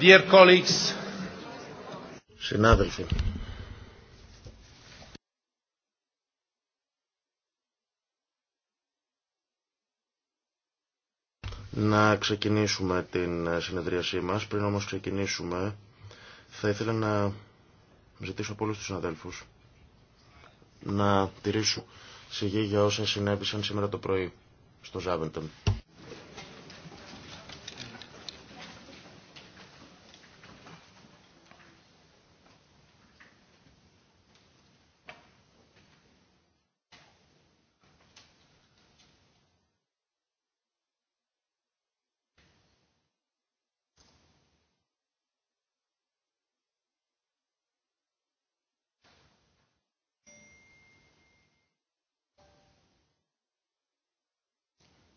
Dear colleagues. Συνάδελφοι. Να ξεκινήσουμε την συνεδρίασή μας. Πριν όμως ξεκινήσουμε, θα ήθελα να ζητήσω από όλους τους συναδέλφους να τηρήσουν σιγή για όσα συνέβησαν σήμερα το πρωί στο Ζάβεντον.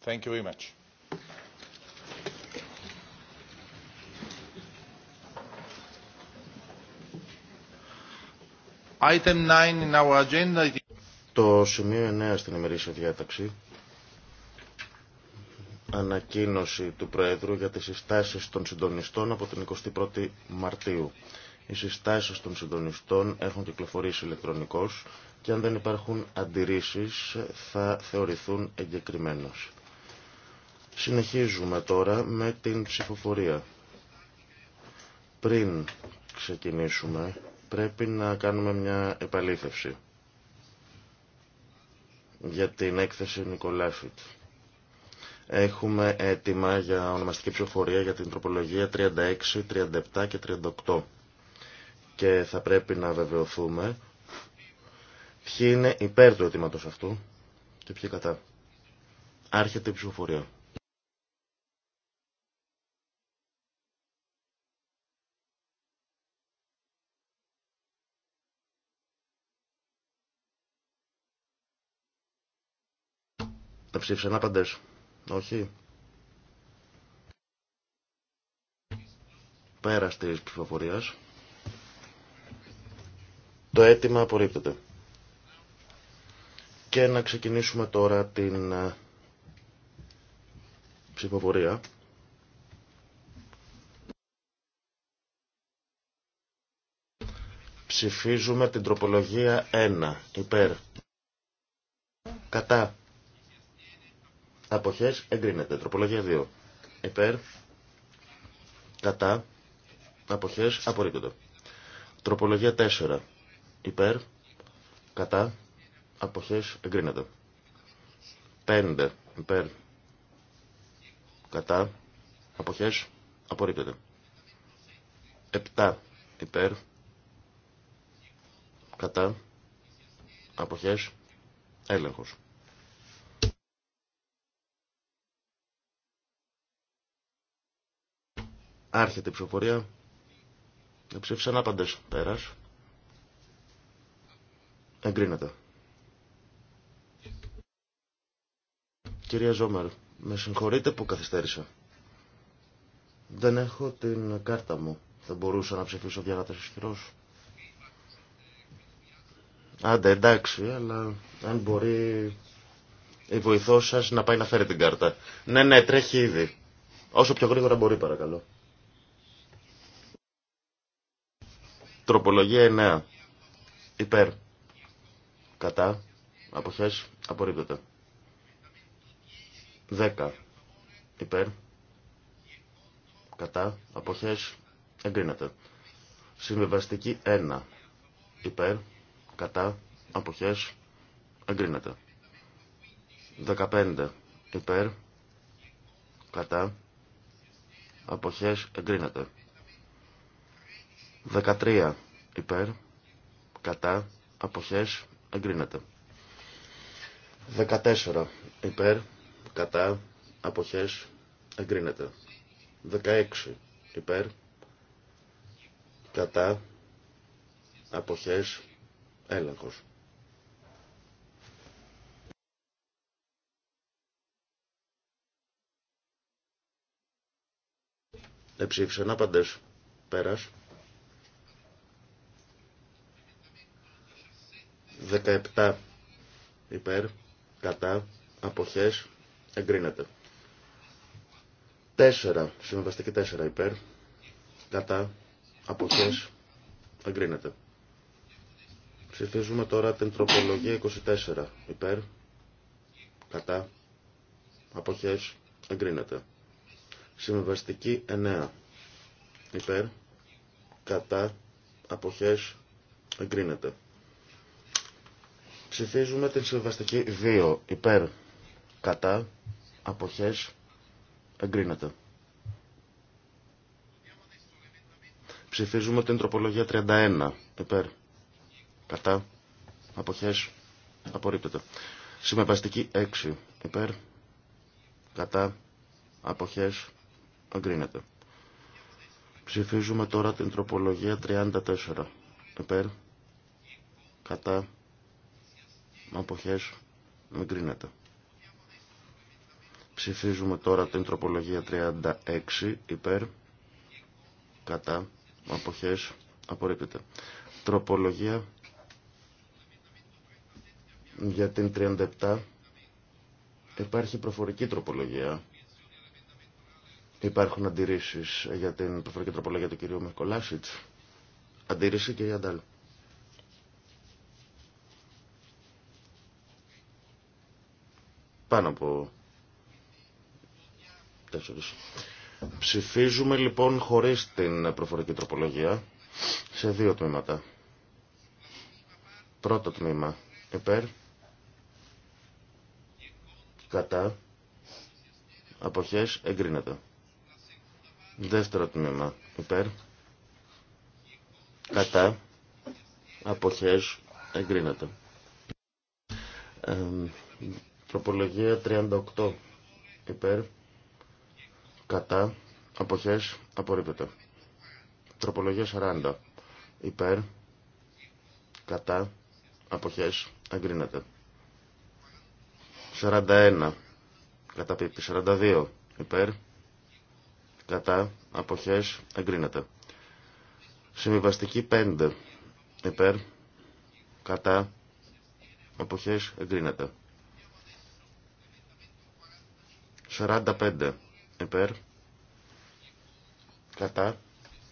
Thank you very much. Item 9 in our agenda. Το σημείο 9 στην ημερήσια διάταξη ανακοίνωση του Προέδρου για τις συστάσεις των συντονιστών από την 21η Μαρτίου. Οι συστάσεις των συντονιστών έχουν κυκλοφορήσει ηλεκτρονικώς και αν δεν υπάρχουν αντιρρήσεις θα θεωρηθούν εγκεκριμένως. Συνεχίζουμε τώρα με την ψηφοφορία. Πριν ξεκινήσουμε πρέπει να κάνουμε μια επαλήθευση για την έκθεση Νικολάφιτ. Έχουμε έτοιμα για ονομαστική ψηφοφορία για την τροπολογία 36, 37 και 38. Και θα πρέπει να βεβαιωθούμε ποιοι είναι υπέρ του αιτήματος αυτού και ποιοι κατά. Άρχεται η ψηφοφορία. Τα ψήφισαν άπαντες. Όχι. Πέρας της ψηφοφορίας. Το αίτημα απορρίπτεται. Και να ξεκινήσουμε τώρα την ε, ψηφοφορία. Ψηφίζουμε την τροπολογία 1. Υπέρ. Κατά. Αποχές εγκρίνεται. Τροπολογία 2. Υπέρ. Κατά. Αποχές απορρίπτεται. Τροπολογία 4. Υπέρ. Κατά. Αποχές εγκρίνεται. 5. Υπέρ. Κατά. Αποχές απορρίπτεται. 7. Υπέρ. Κατά. Αποχές έλεγχος. Άρχεται η ψηφοφορία. Ψήφισαν άπαντες. Πέρα. Εγκρίνεται. Κυρία Ζόμερ, με συγχωρείτε που καθυστέρησα. Δεν έχω την κάρτα μου. θα μπορούσα να ψηφίσω διαγάτας ισχυρός. Άντε εντάξει, αλλά αν μπορεί η βοηθό σας να πάει να φέρει την κάρτα. Ναι, ναι, τρέχει ήδη. Όσο πιο γρήγορα μπορεί παρακαλώ. Τροπολογία 9. Υπέρ. Κατά. Αποχές. Απορρίπτεται. 10. Υπέρ. Κατά. Αποχές. Εγκρίνεται. Συμβιβαστική 1. Υπέρ. Κατά. Αποχές. Εγκρίνεται. 15. Υπέρ. Κατά. Αποχές. Εγκρίνεται. 13 υπέρ, κατά, αποχές, εγκρίνεται. 14 υπέρ, κατά, αποχές, εγκρίνεται. 16 υπέρ, κατά, αποχές, έλεγχος. να άπαντες πέρας. 17 υπέρ, κατά, αποχές, εγκρίνεται. 4, συμβαστική 4 υπέρ, κατά, αποχές, εγκρίνεται. Ψηφίζουμε τώρα την τροπολογία 24 υπέρ, κατά, αποχές, εγκρίνεται. Συμβαστική 9 υπέρ, κατά, αποχές, εγκρίνεται. Ψηφίζουμε την συμβαστική 2. Υπέρ. Κατά. Αποχές. Εγκρίνεται. Ψηφίζουμε την τροπολογία 31. Υπέρ. Κατά. Αποχές. Απορρίπτεται. Συμβαστική 6. Υπέρ. Κατά. Αποχές. Εγκρίνεται. Ψηφίζουμε τώρα την τροπολογία 34. Υπέρ. Κατά αποχές κρίνετε. Ψηφίζουμε τώρα την τροπολογία 36 υπέρ κατά αποχές απορρίπτεται. Τροπολογία για την 37 υπάρχει προφορική τροπολογία. Υπάρχουν αντιρρήσεις για την προφορική τροπολογία του κυρίου Μεκολάσιτς. Αντίρρηση κυρία Ντάλ. Πάνω από τέσσερις. Ψηφίζουμε λοιπόν χωρίς την προφορική τροπολογία σε δύο τμήματα. Πρώτο τμήμα υπέρ, κατά, αποχές εγκρίνεται. Δεύτερο τμήμα υπέρ, κατά, αποχές εγκρίνεται. Τροπολογία 38 υπέρ, κατά, αποχές, απορρίπτεται. Τροπολογία 40 υπέρ, κατά, αποχές, αγκρίνεται. 41 κατά πίπη, 42 υπέρ, κατά, αποχές, Αγκρίνεται Συμβιβαστική 5 υπέρ, κατά, αποχές, εγκρίνεται. 45 υπέρ κατά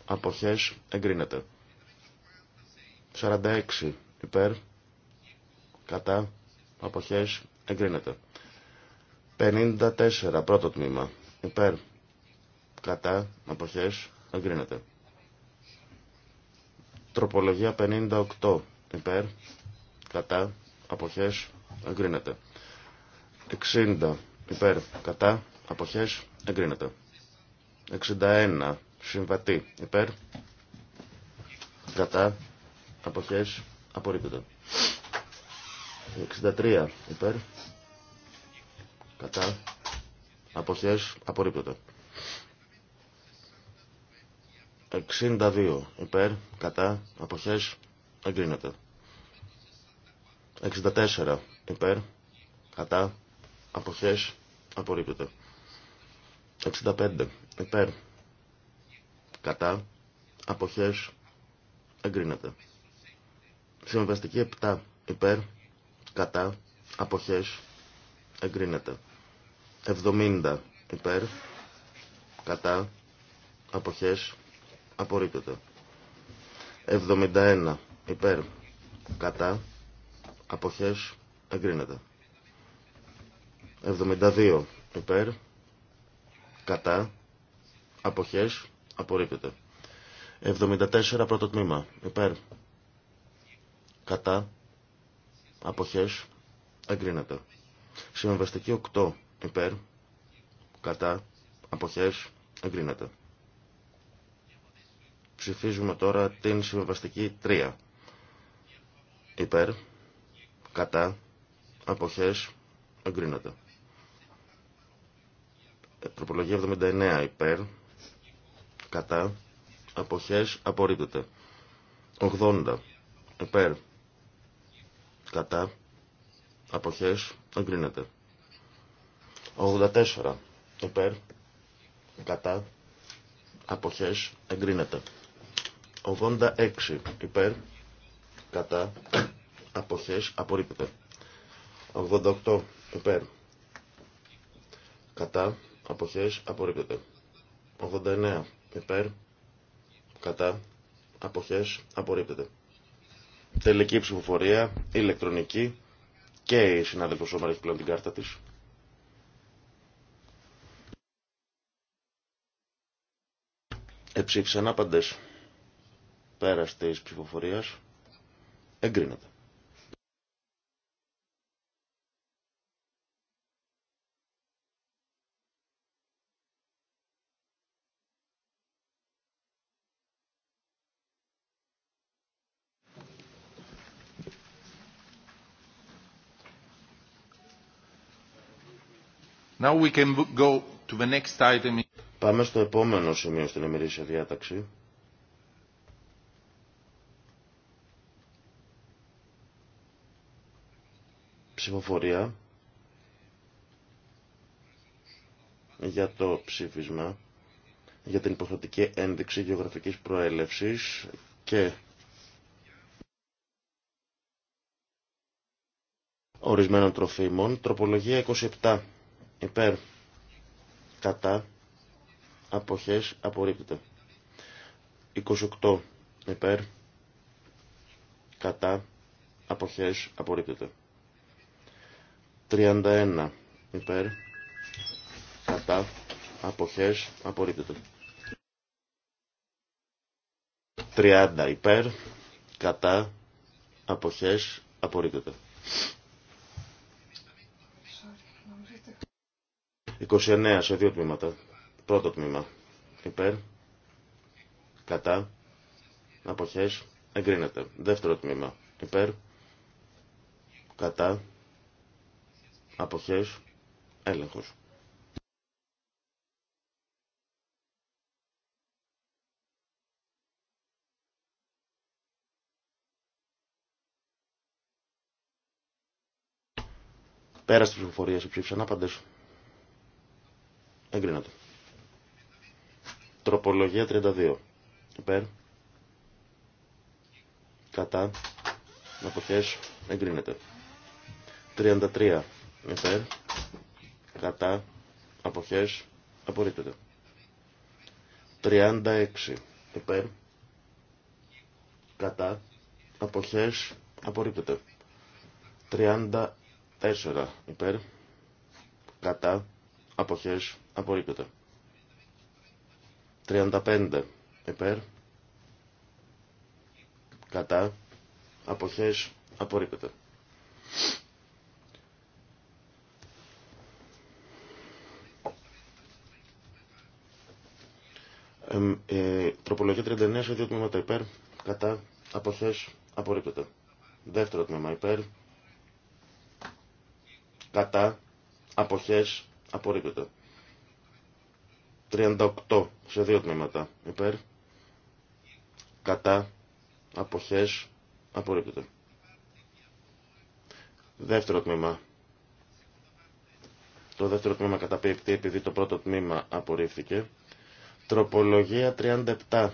αποχές εγκρίνεται 46 υπέρ κατά αποχές εγκρίνεται 54 πρώτο τμήμα υπέρ κατά αποχές εγκρίνεται τροπολογία 58 υπέρ κατά αποχές εγκρίνεται 60 υπέρ, κατά, αποχές, εγκρίνεται. 61, συμβατή, υπέρ, κατά, αποχές, απορρίπτεται. 63, υπέρ, κατά, αποχές, απορρίπτεται. 62, υπέρ, κατά, αποχές, εγκρίνεται. 64, υπέρ, κατά, αποχές απορρίπτεται. 65 υπέρ κατά αποχές εγκρίνεται. Συμβαστική 7 υπέρ κατά αποχές εγκρίνεται. 70 υπέρ κατά αποχές απορρίπτεται. 71 υπέρ κατά αποχές εγκρίνεται. 72 υπέρ, κατά, αποχές, απορρίπτεται. 74 πρώτο τμήμα υπέρ, κατά, αποχές, εγκρίνεται. Συμβαστική 8 υπέρ, κατά, αποχές, εγκρίνεται. Ψηφίζουμε τώρα την συμβαστική 3. Υπέρ, κατά, αποχές, εγκρίνεται. Ε, τροπολογία 79 υπέρ. Κατά. Αποχές απορρίπτεται. 80 υπέρ. Κατά. Αποχές εγκρίνεται. 84 υπέρ. Κατά. Αποχές εγκρίνεται. 86 υπέρ. Κατά. Αποχές απορρίπτεται. 88 υπέρ. Κατά αποχές απορρίπτεται. 89 υπέρ κατά αποχές απορρίπτεται. Τελική ψηφοφορία, ηλεκτρονική και η συνάδελφος Σόμαρα έχει πλέον την κάρτα της. Εψήφισαν άπαντες πέρας της ψηφοφορίας. Εγκρίνεται. Πάμε στο επόμενο σημείο στην ημερήσια διάταξη. Ψηφοφορία για το ψήφισμα για την υποχρεωτική ένδειξη γεωγραφικής προέλευσης και ορισμένων τροφίμων, τροπολογία 27 υπέρ κατά αποχές απορρίπτεται 28 υπέρ κατά αποχές απορρίπτεται 31 υπέρ κατά αποχές απορρίπτεται 30 υπέρ κατά αποχές απορρίπτεται 29 σε δύο τμήματα. Πρώτο τμήμα. Υπέρ. Κατά. Αποχές. Εγκρίνεται. Δεύτερο τμήμα. Υπέρ. Κατά. Αποχές. Έλεγχος. Πέρα τη ψηφοφορία ψήφισαν άπαντες. Εγκρίνεται. Τροπολογία 32. Υπέρ. Κατά. Αποχές. Εγκρίνεται. 33. Υπέρ. Κατά. Αποχές. Απορρίπτεται. 36. Υπέρ. Κατά. Αποχές. Απορρίπτεται. 34. Υπέρ. Κατά. Αποχές. Απορρίπτεται. 35 υπέρ. Κατά. Αποχές. Απορρίπτεται. Ε, ε, τροπολογία 39 σε δύο τμήματα υπέρ, κατά, αποχές, απορρίπτεται. Δεύτερο τμήμα υπέρ, κατά, αποχές, Απορρίπτεται. 38 σε δύο τμήματα. Υπέρ. Κατά. Αποχές. Απορρίπτεται. Δεύτερο τμήμα. Το δεύτερο τμήμα καταπίπτει επειδή το πρώτο τμήμα απορρίφθηκε. Τροπολογία 37.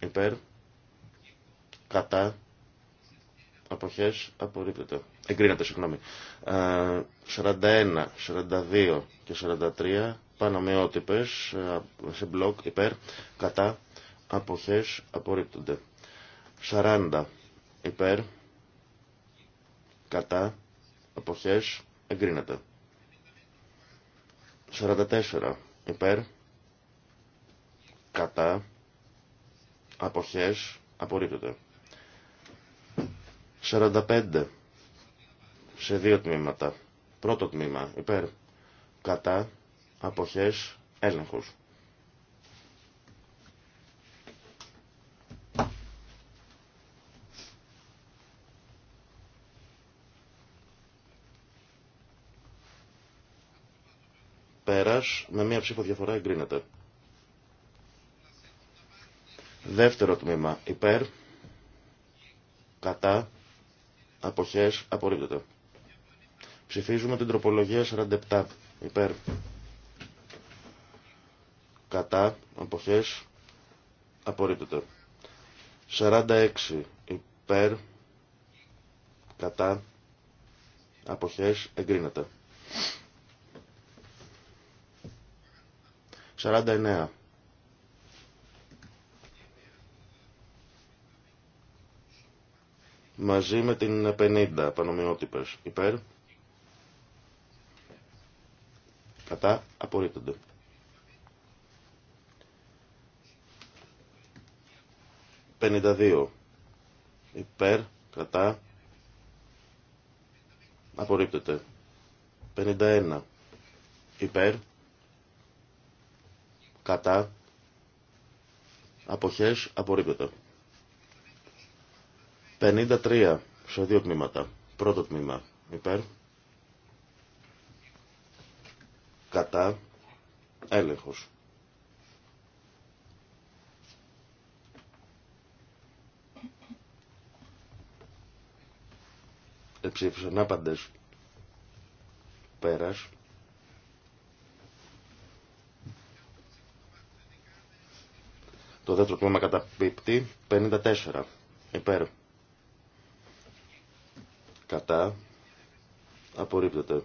Υπέρ. Κατά. Αποχές. Απορρίπτεται. Εγκρίνεται, συγγνώμη. 41, ε, 42 και 43 πανομοιότυπες ε, σε μπλοκ υπέρ, κατά, αποχές, απορρίπτονται. 40 υπέρ, κατά, αποχές, εγκρίνεται. 44 υπέρ, κατά, αποχές, απορρίπτονται. 45 σε δύο τμήματα. Πρώτο τμήμα υπέρ κατά αποχές έλεγχος. Πέρας με μία ψήφο διαφορά εγκρίνεται. Δεύτερο τμήμα υπέρ κατά αποχές απορρίπτεται. Ψηφίζουμε την τροπολογία 47 υπέρ. Κατά αποχές απορρίπτεται. 46 υπέρ. Κατά αποχές εγκρίνεται. 49. Μαζί με την 50 πανομοιότυπες υπέρ. Κατά. Απορρίπτονται. 52. Υπέρ. Κατά. Απορρίπτεται. 51. Υπέρ. Κατά. Αποχές. Απορρίπτεται. 53. Σε δύο τμήματα. Πρώτο τμήμα. Υπέρ. κατά έλεγχος. Εψήφισαν άπαντες πέρας. Το δεύτερο τμήμα καταπίπτει 54 υπέρ. Κατά απορρίπτεται.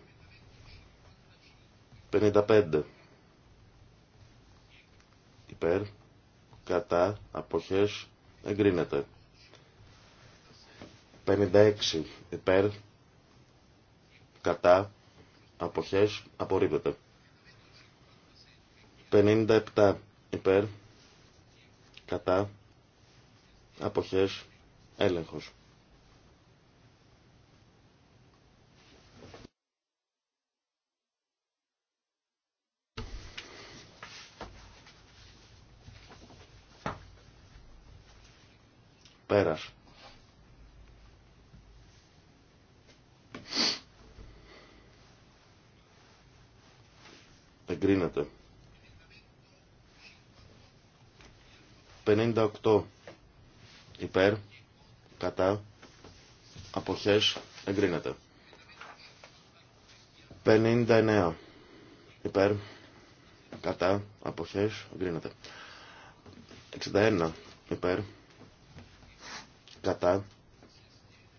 55 υπέρ κατά αποχές εγκρίνεται 56 υπέρ κατά αποχές απορρίβεται, 57 υπέρ κατά αποχές έλεγχος Πέρας. Εγκρίνεται. 58 υπέρ, κατά, αποχές, εγκρίνεται. 59 υπέρ, κατά, αποχές, εγκρίνεται. 61 υπέρ, κατά,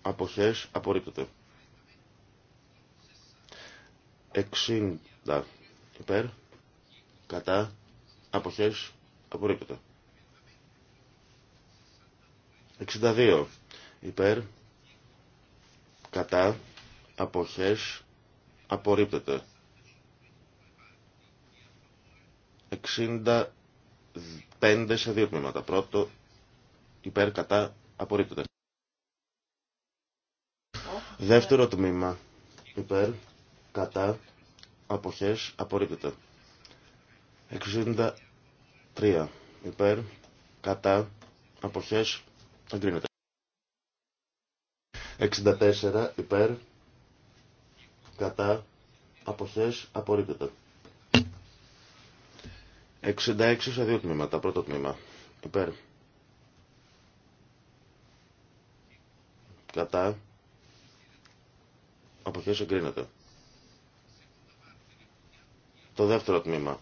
αποχές, απορρίπτεται. 60 υπέρ, κατά, αποχές, απορρίπτεται. 62 υπέρ, κατά, αποχές, απορρίπτεται. 65 σε δύο τμήματα. Πρώτο, υπέρ, κατά, Απορρίπτεται. Δεύτερο τμήμα. Υπέρ. Κατά. Αποχές. Απορρίπτεται. 63. Υπέρ. Κατά. Αποχές. Εγκρίνεται. 64. Υπέρ. Κατά. Αποχές. Απορρίπτεται. 66 σε δύο τμήματα. Πρώτο τμήμα. Υπέρ. Κατά. Αποχές εγκρίνεται. Το δεύτερο τμήμα.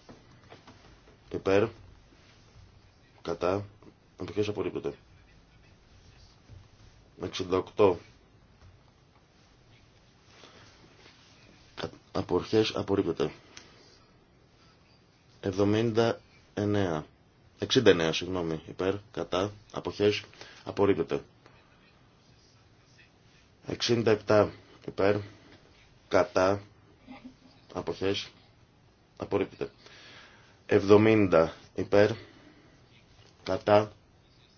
Υπέρ. Κατά. Αποχές απορρίπτεται. 68. Απορχές απορρίπτεται. 79. 69, συγγνώμη, υπέρ, κατά, αποχές, απορρίπτεται. 67 υπέρ, κατά, αποχές, απορρίπτεται. 70 υπέρ, κατά,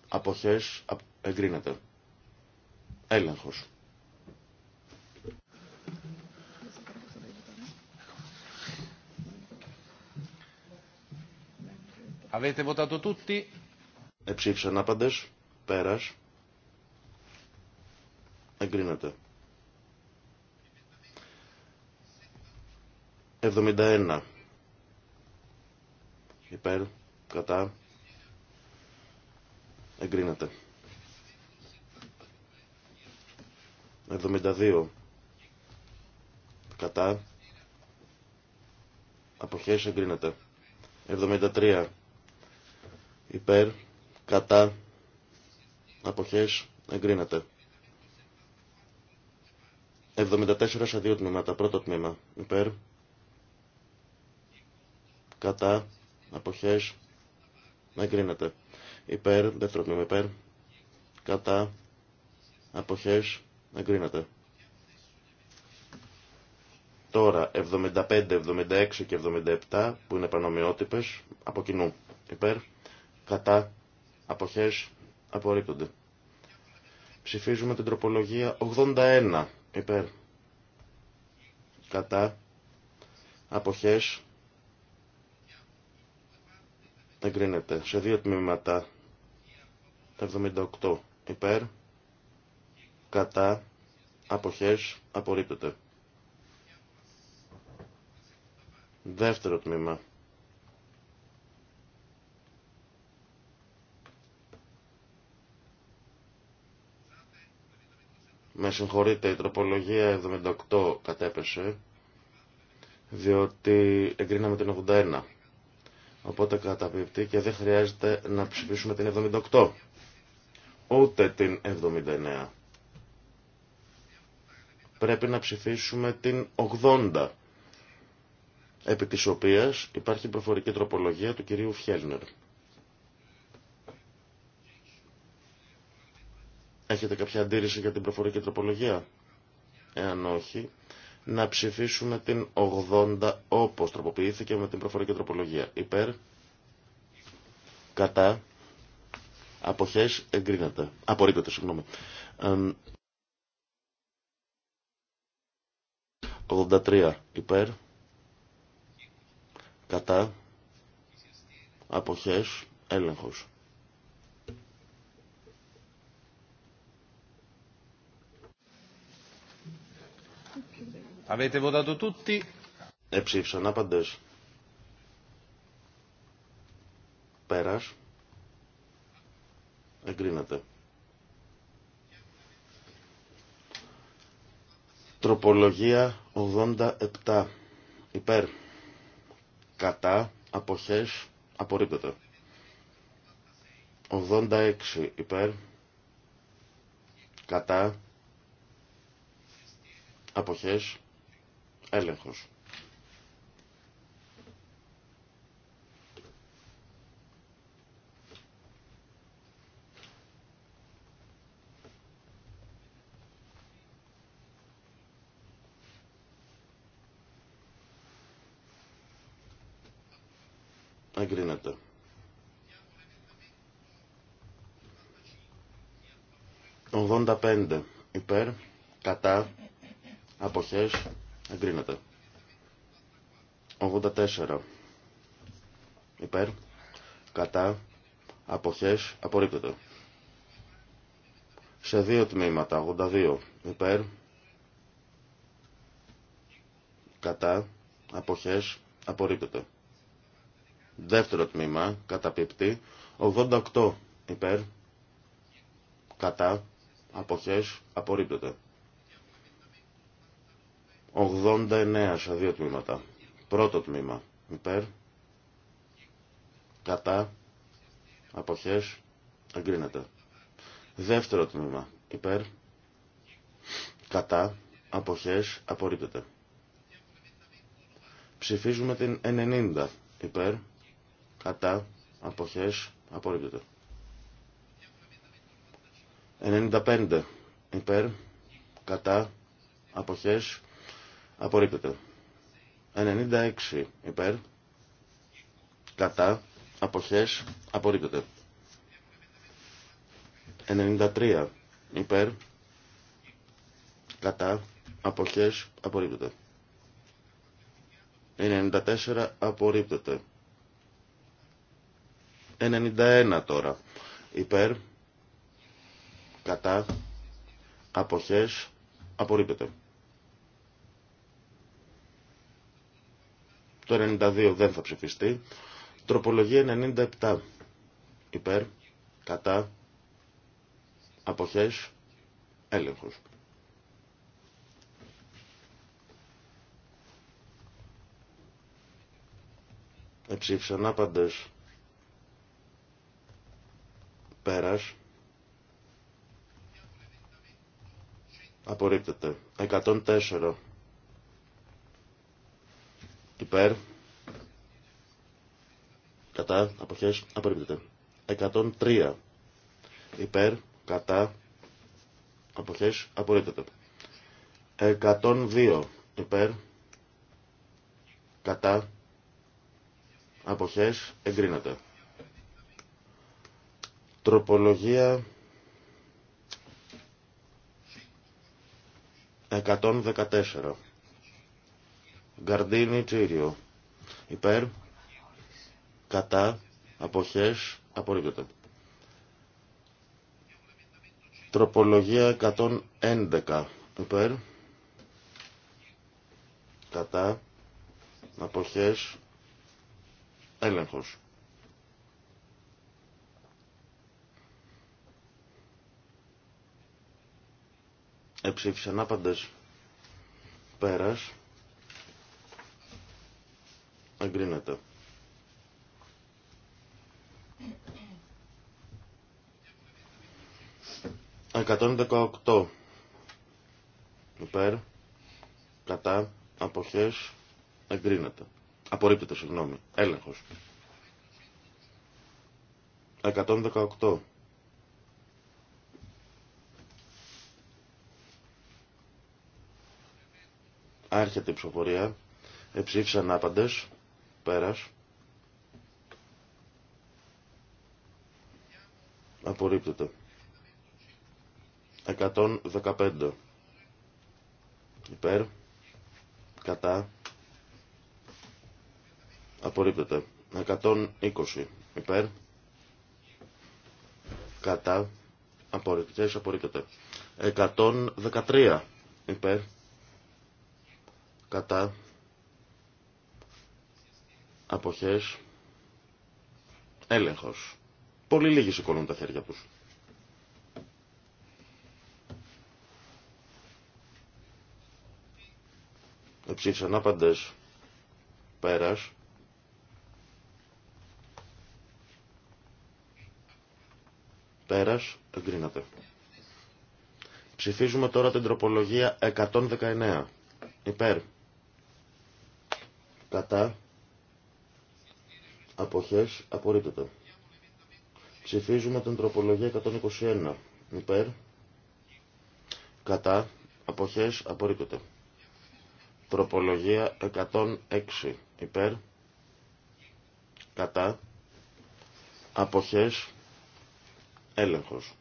αποχές, εγκρίνεται. Έλεγχος. Avete votato tutti? Εψήφισαν άπαντες, πέρας εγκρίνεται. 71 υπέρ, κατά, εγκρίνεται. 72 κατά, αποχές εγκρίνεται. 73 υπέρ, κατά, αποχές εγκρίνεται. 74 σε δύο τμήματα. Πρώτο τμήμα. Υπέρ. Κατά. Αποχές. Εγκρίνεται. Υπέρ. Δεύτερο τμήμα. Υπέρ. Κατά. Αποχές. Εγκρίνεται. Τώρα 75, 76 και 77 που είναι πανομοιότυπες από κοινού. Υπέρ. Κατά. Αποχές. Απορρίπτονται. Ψηφίζουμε την τροπολογία 81 υπέρ κατά αποχές εγκρίνεται σε δύο τμήματα τα 78 υπέρ κατά αποχές απορρίπτεται δεύτερο τμήμα Με συγχωρείτε, η τροπολογία 78 κατέπεσε, διότι εγκρίναμε την 81. Οπότε καταπίπτει και δεν χρειάζεται να ψηφίσουμε την 78, ούτε την 79. Πρέπει να ψηφίσουμε την 80, επί της οποίας υπάρχει προφορική τροπολογία του κυρίου Φιέλνερ. Έχετε κάποια αντίρρηση για την προφορική τροπολογία. Εάν όχι, να ψηφίσουμε την 80 όπως τροποποιήθηκε με την προφορική τροπολογία. Υπέρ, κατά, αποχές, εγκρίνεται. Απορρίπτεται, συγγνώμη. 83 υπέρ, κατά, αποχές, έλεγχος. Avete votato tutti? Πέρας. Εγκρίνεται. Τροπολογία 87. Υπέρ. Κατά. Αποχές. Απορρίπτεται. 86. Υπέρ. Κατά. Αποχές. Έλεγχος. Εγκρίνεται. πέντε. υπέρ, κατά, αποχές, Εγκρίνεται. 84. Υπέρ. Κατά. Αποχές. Απορρίπτεται. Σε δύο τμήματα. 82. Υπέρ. Κατά. Αποχές. Απορρίπτεται. Δεύτερο τμήμα. Καταπίπτει. 88. Υπέρ. Κατά. Αποχές. Απορρίπτεται. 89 σε δύο τμήματα. Πρώτο τμήμα. Υπέρ. Κατά. Αποχές. Εγκρίνεται. Δεύτερο τμήμα. Υπέρ. Κατά. Αποχές. Απορρίπτεται. Ψηφίζουμε την 90. Υπέρ. Κατά. Αποχές. Απορρίπτεται. 95. Υπέρ. Κατά. Αποχές. Απορρίπτεται. 96 υπέρ. Κατά. Αποχές. Απορρίπτεται. 93 υπέρ. Κατά. Αποχές. Απορρίπτεται. 94 απορρίπτεται. 91 τώρα. Υπέρ. Κατά. Αποχές. Απορρίπτεται. Το 92 δεν θα ψηφιστεί. Τροπολογία 97. Υπέρ. Κατά. Αποχές. Έλεγχος. Εψήφισαν άπαντες. Πέρας. Απορρίπτεται. 104 υπέρ, κατά, αποχές, απορρίπτεται. 103 υπέρ, κατά, αποχές, απορρίπτεται. 102 υπέρ, κατά, αποχές, εγκρίνεται. Τροπολογία 114 Γκαρντίνη Τσίριο. Υπέρ. Κατά. Αποχές. Απορρίπτεται. Τροπολογία 111. Υπέρ. Κατά. Αποχές. Έλεγχος. Εψήφισαν άπαντες. Πέρας. Εγκρίνεται. Εκατόν δεκαοκτώ. Υπέρ. Κατά. Αποχές. Εγκρίνεται. Απορρίπτεται, συγγνώμη. Έλεγχος. 118. Άρχεται η ψηφοφορία. Εψήφισαν άπαντες. Πέρας. Απορρίπτεται. 115. Υπέρ. Κατά. Απορρίπτεται. 120. Υπέρ. Κατά. Απορρίπτεται. Απορρίπτεται. 113. Υπέρ. Κατά αποχές, έλεγχος. Πολύ λίγοι σηκώνουν τα χέρια τους. Εψήφισαν άπαντες πέρας. Πέρας, εγκρίνατε. Ψηφίζουμε τώρα την τροπολογία 119. Υπέρ. Κατά. Αποχές απορρίπτεται. Ψηφίζουμε την τροπολογία 121. Υπέρ. Κατά. Αποχές απορρίπτεται. Τροπολογία 106. Υπέρ. Κατά. Αποχές. Έλεγχος.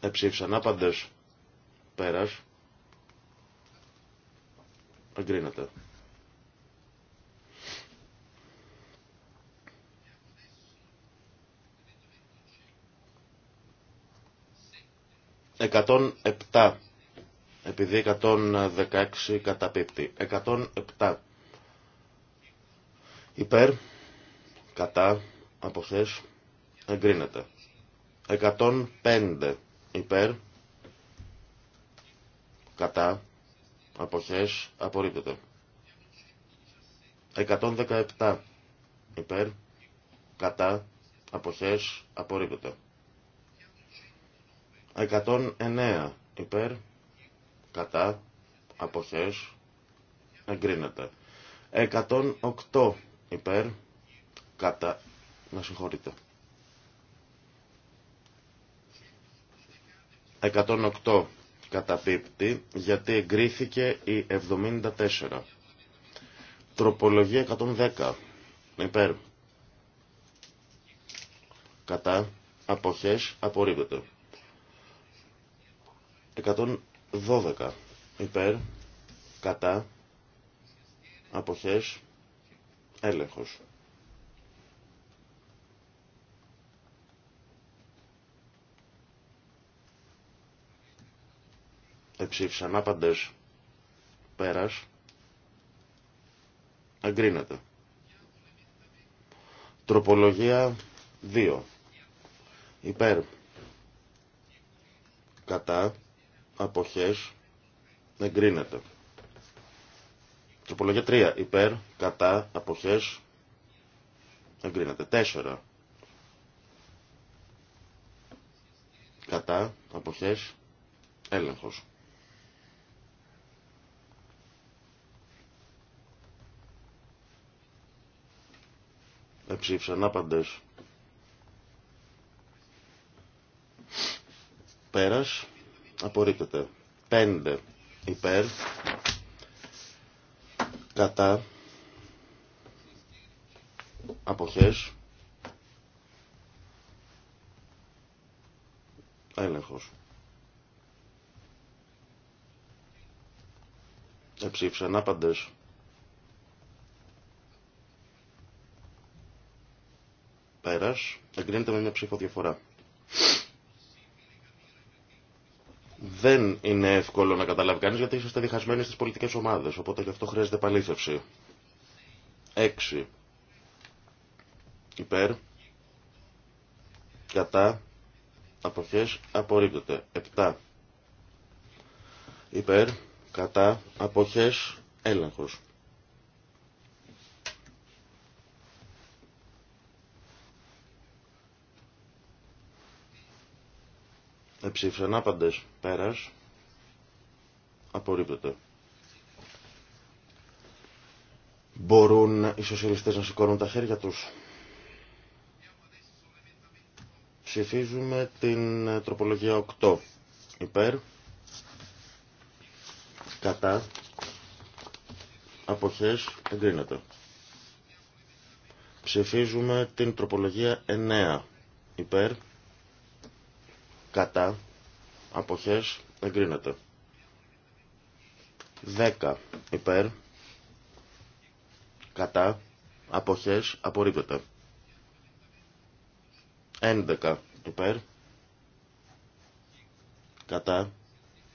Εψήφισαν άπαντες. Πέρας. Αγκρίνεται. Εκατόν επτά. Επειδή 116 καταπίπτει. 107. Υπέρ, κατά, αποχές, εγκρίνεται. 105 υπέρ, κατά, αποχές, απορρίπτεται. 117 υπέρ, κατά, αποχές, απορρίπτεται. 109 υπέρ, κατά, αποχές, εγκρίνεται. 108 υπέρ, κατά, να συγχωρείτε. 108 καταπίπτει γιατί εγκρίθηκε η 74. Τροπολογία 110. Υπέρ. Κατά. Αποχές. Απορρίπτεται. 112. Υπέρ. Κατά. Αποχές. Έλεγχος. Εψήφισαν άπαντες. Πέρας. εγκρίνεται. Τροπολογία 2. Υπέρ. Κατά. Αποχές. Εγκρίνεται. Τροπολογία 3. Υπέρ. Κατά. Αποχές. Εγκρίνεται. 4. Κατά. Αποχές. Έλεγχος. Εψήφισαν άπαντες. Πέρας. Απορρίπτεται. Πέντε υπέρ. Κατά. Αποχές. Έλεγχος. Εψήφισαν άπαντες. Πέρας. Εγκρίνεται με μια ψήφο διαφορά. Δεν είναι εύκολο να καταλάβει κανείς γιατί είστε διχασμένοι στις πολιτικές ομάδες, οπότε γι' αυτό χρειάζεται παλήθευση. 6. Υπέρ. Κατά. Αποχές. Απορρίπτεται. 7. Υπέρ. Κατά. Αποχές. Έλεγχος. Εψήφισαν άπαντες πέρας. Απορρίπτεται. Μπορούν οι σοσιαλιστές να σηκώνουν τα χέρια τους. Ψηφίζουμε την ε, τροπολογία 8. Υπέρ. Κατά. Αποχές. Εγκρίνεται. Ψηφίζουμε την τροπολογία 9. Υπέρ κατά αποχές εγκρίνεται 10 υπέρ κατά αποχές απορρίπτεται 11 υπέρ κατά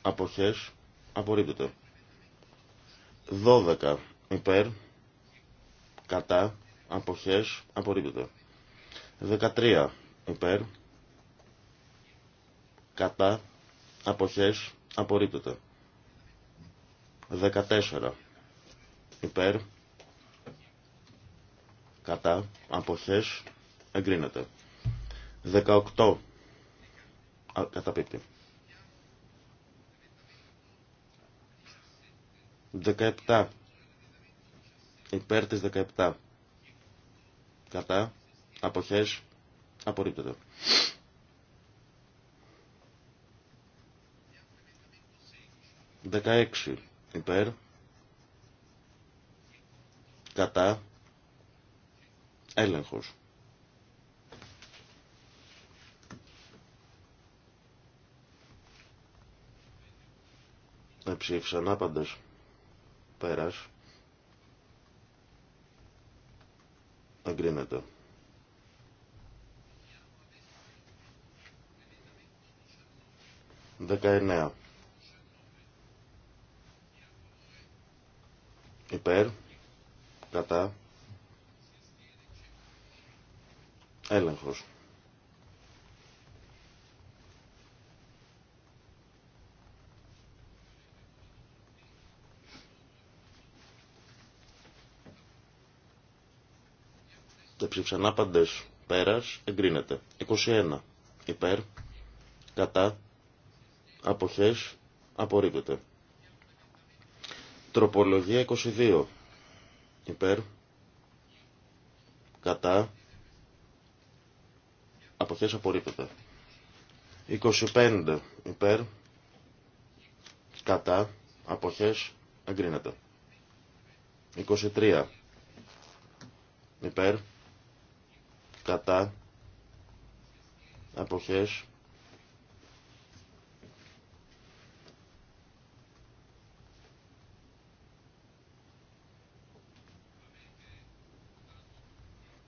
αποχές απορρίπτεται 12 υπέρ κατά αποχές απορρίπτεται 13 υπέρ κατά, αποχές, απορρίπτεται. 14. Υπέρ, κατά, αποχές, εγκρίνεται. 18. καταπίπτει. 17. Υπέρ της 17. Κατά, αποχές, απορρίπτεται. 16 υπέρ κατά έλεγχος. Εψήφισαν άπαντες πέρας. Εγκρίνεται. Δεκαεννέα. υπέρ, κατά, έλεγχος. Τα πάντε πέρας εγκρίνεται. 21 υπέρ, κατά, αποχές, απορρίπτεται. Τροπολογία 22. Υπέρ. Κατά. Αποχές απορρίπτεται. 25. Υπέρ. Κατά. Αποχές εγκρίνεται. 23. Υπέρ. Κατά. Αποχές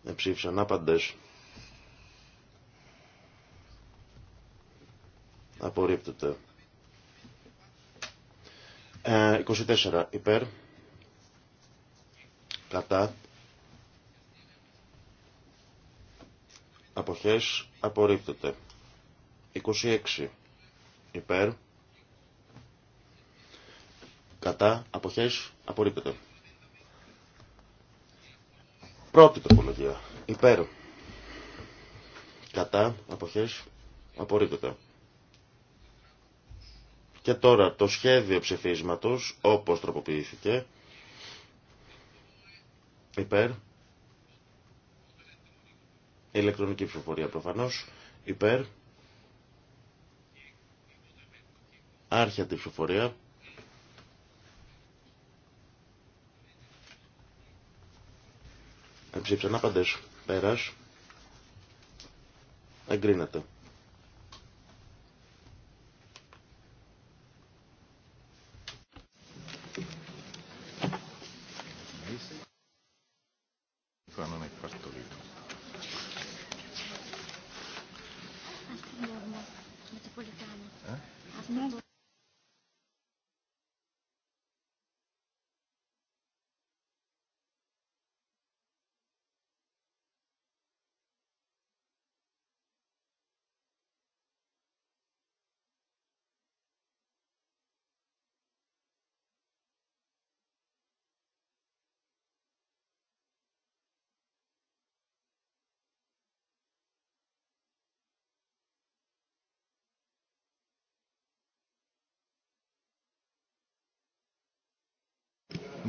Εψήφισαν άπαντες. Απορρίπτεται. 24 ε, υπέρ. Κατά. Αποχές απορρίπτεται. 26 υπέρ. Κατά. Αποχές απορρίπτεται. Πρώτη τροπολογία. Υπέρ. Κατά. Αποχές. Απορρίπτεται. Και τώρα το σχέδιο ψηφίσματος όπως τροποποιήθηκε. Υπέρ. Ηλεκτρονική ψηφοφορία προφανώς. Υπέρ. Άρχια τη ψηφοφορία. Εψήψαν άπαντες. Πέρας. Εγκρίνεται.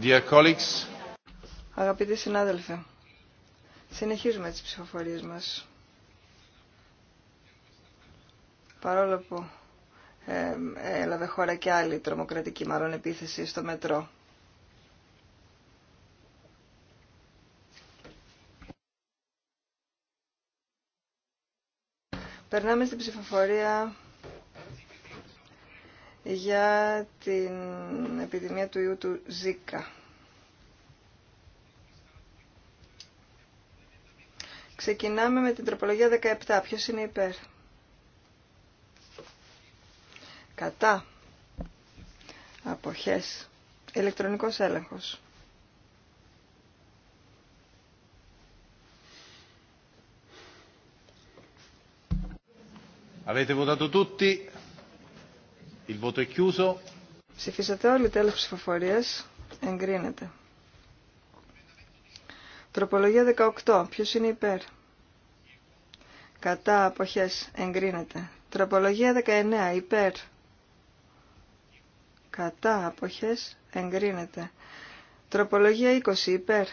Dear colleagues. Αγαπητοί συνάδελφοι, συνεχίζουμε τις ψηφοφορίες μας. Παρόλο που ε, έλαβε χώρα και άλλη τρομοκρατική μάλλον επίθεση στο μετρό. Περνάμε στην ψηφοφορία για την επιδημία του ιού του Ζίκα. Ξεκινάμε με την τροπολογία 17. Ποιος είναι υπέρ. Κατά. Αποχές. Ηλεκτρονικός έλεγχος. Avete votato tutti, Il voto è chiuso. Ψηφίσατε όλοι τέλος ψηφοφορίας. Εγκρίνεται. Τροπολογία 18. Ποιος είναι υπέρ. Κατά αποχές. Εγκρίνεται. Τροπολογία 19. Υπέρ. Κατά αποχές. Εγκρίνεται. Τροπολογία 20. Υπέρ.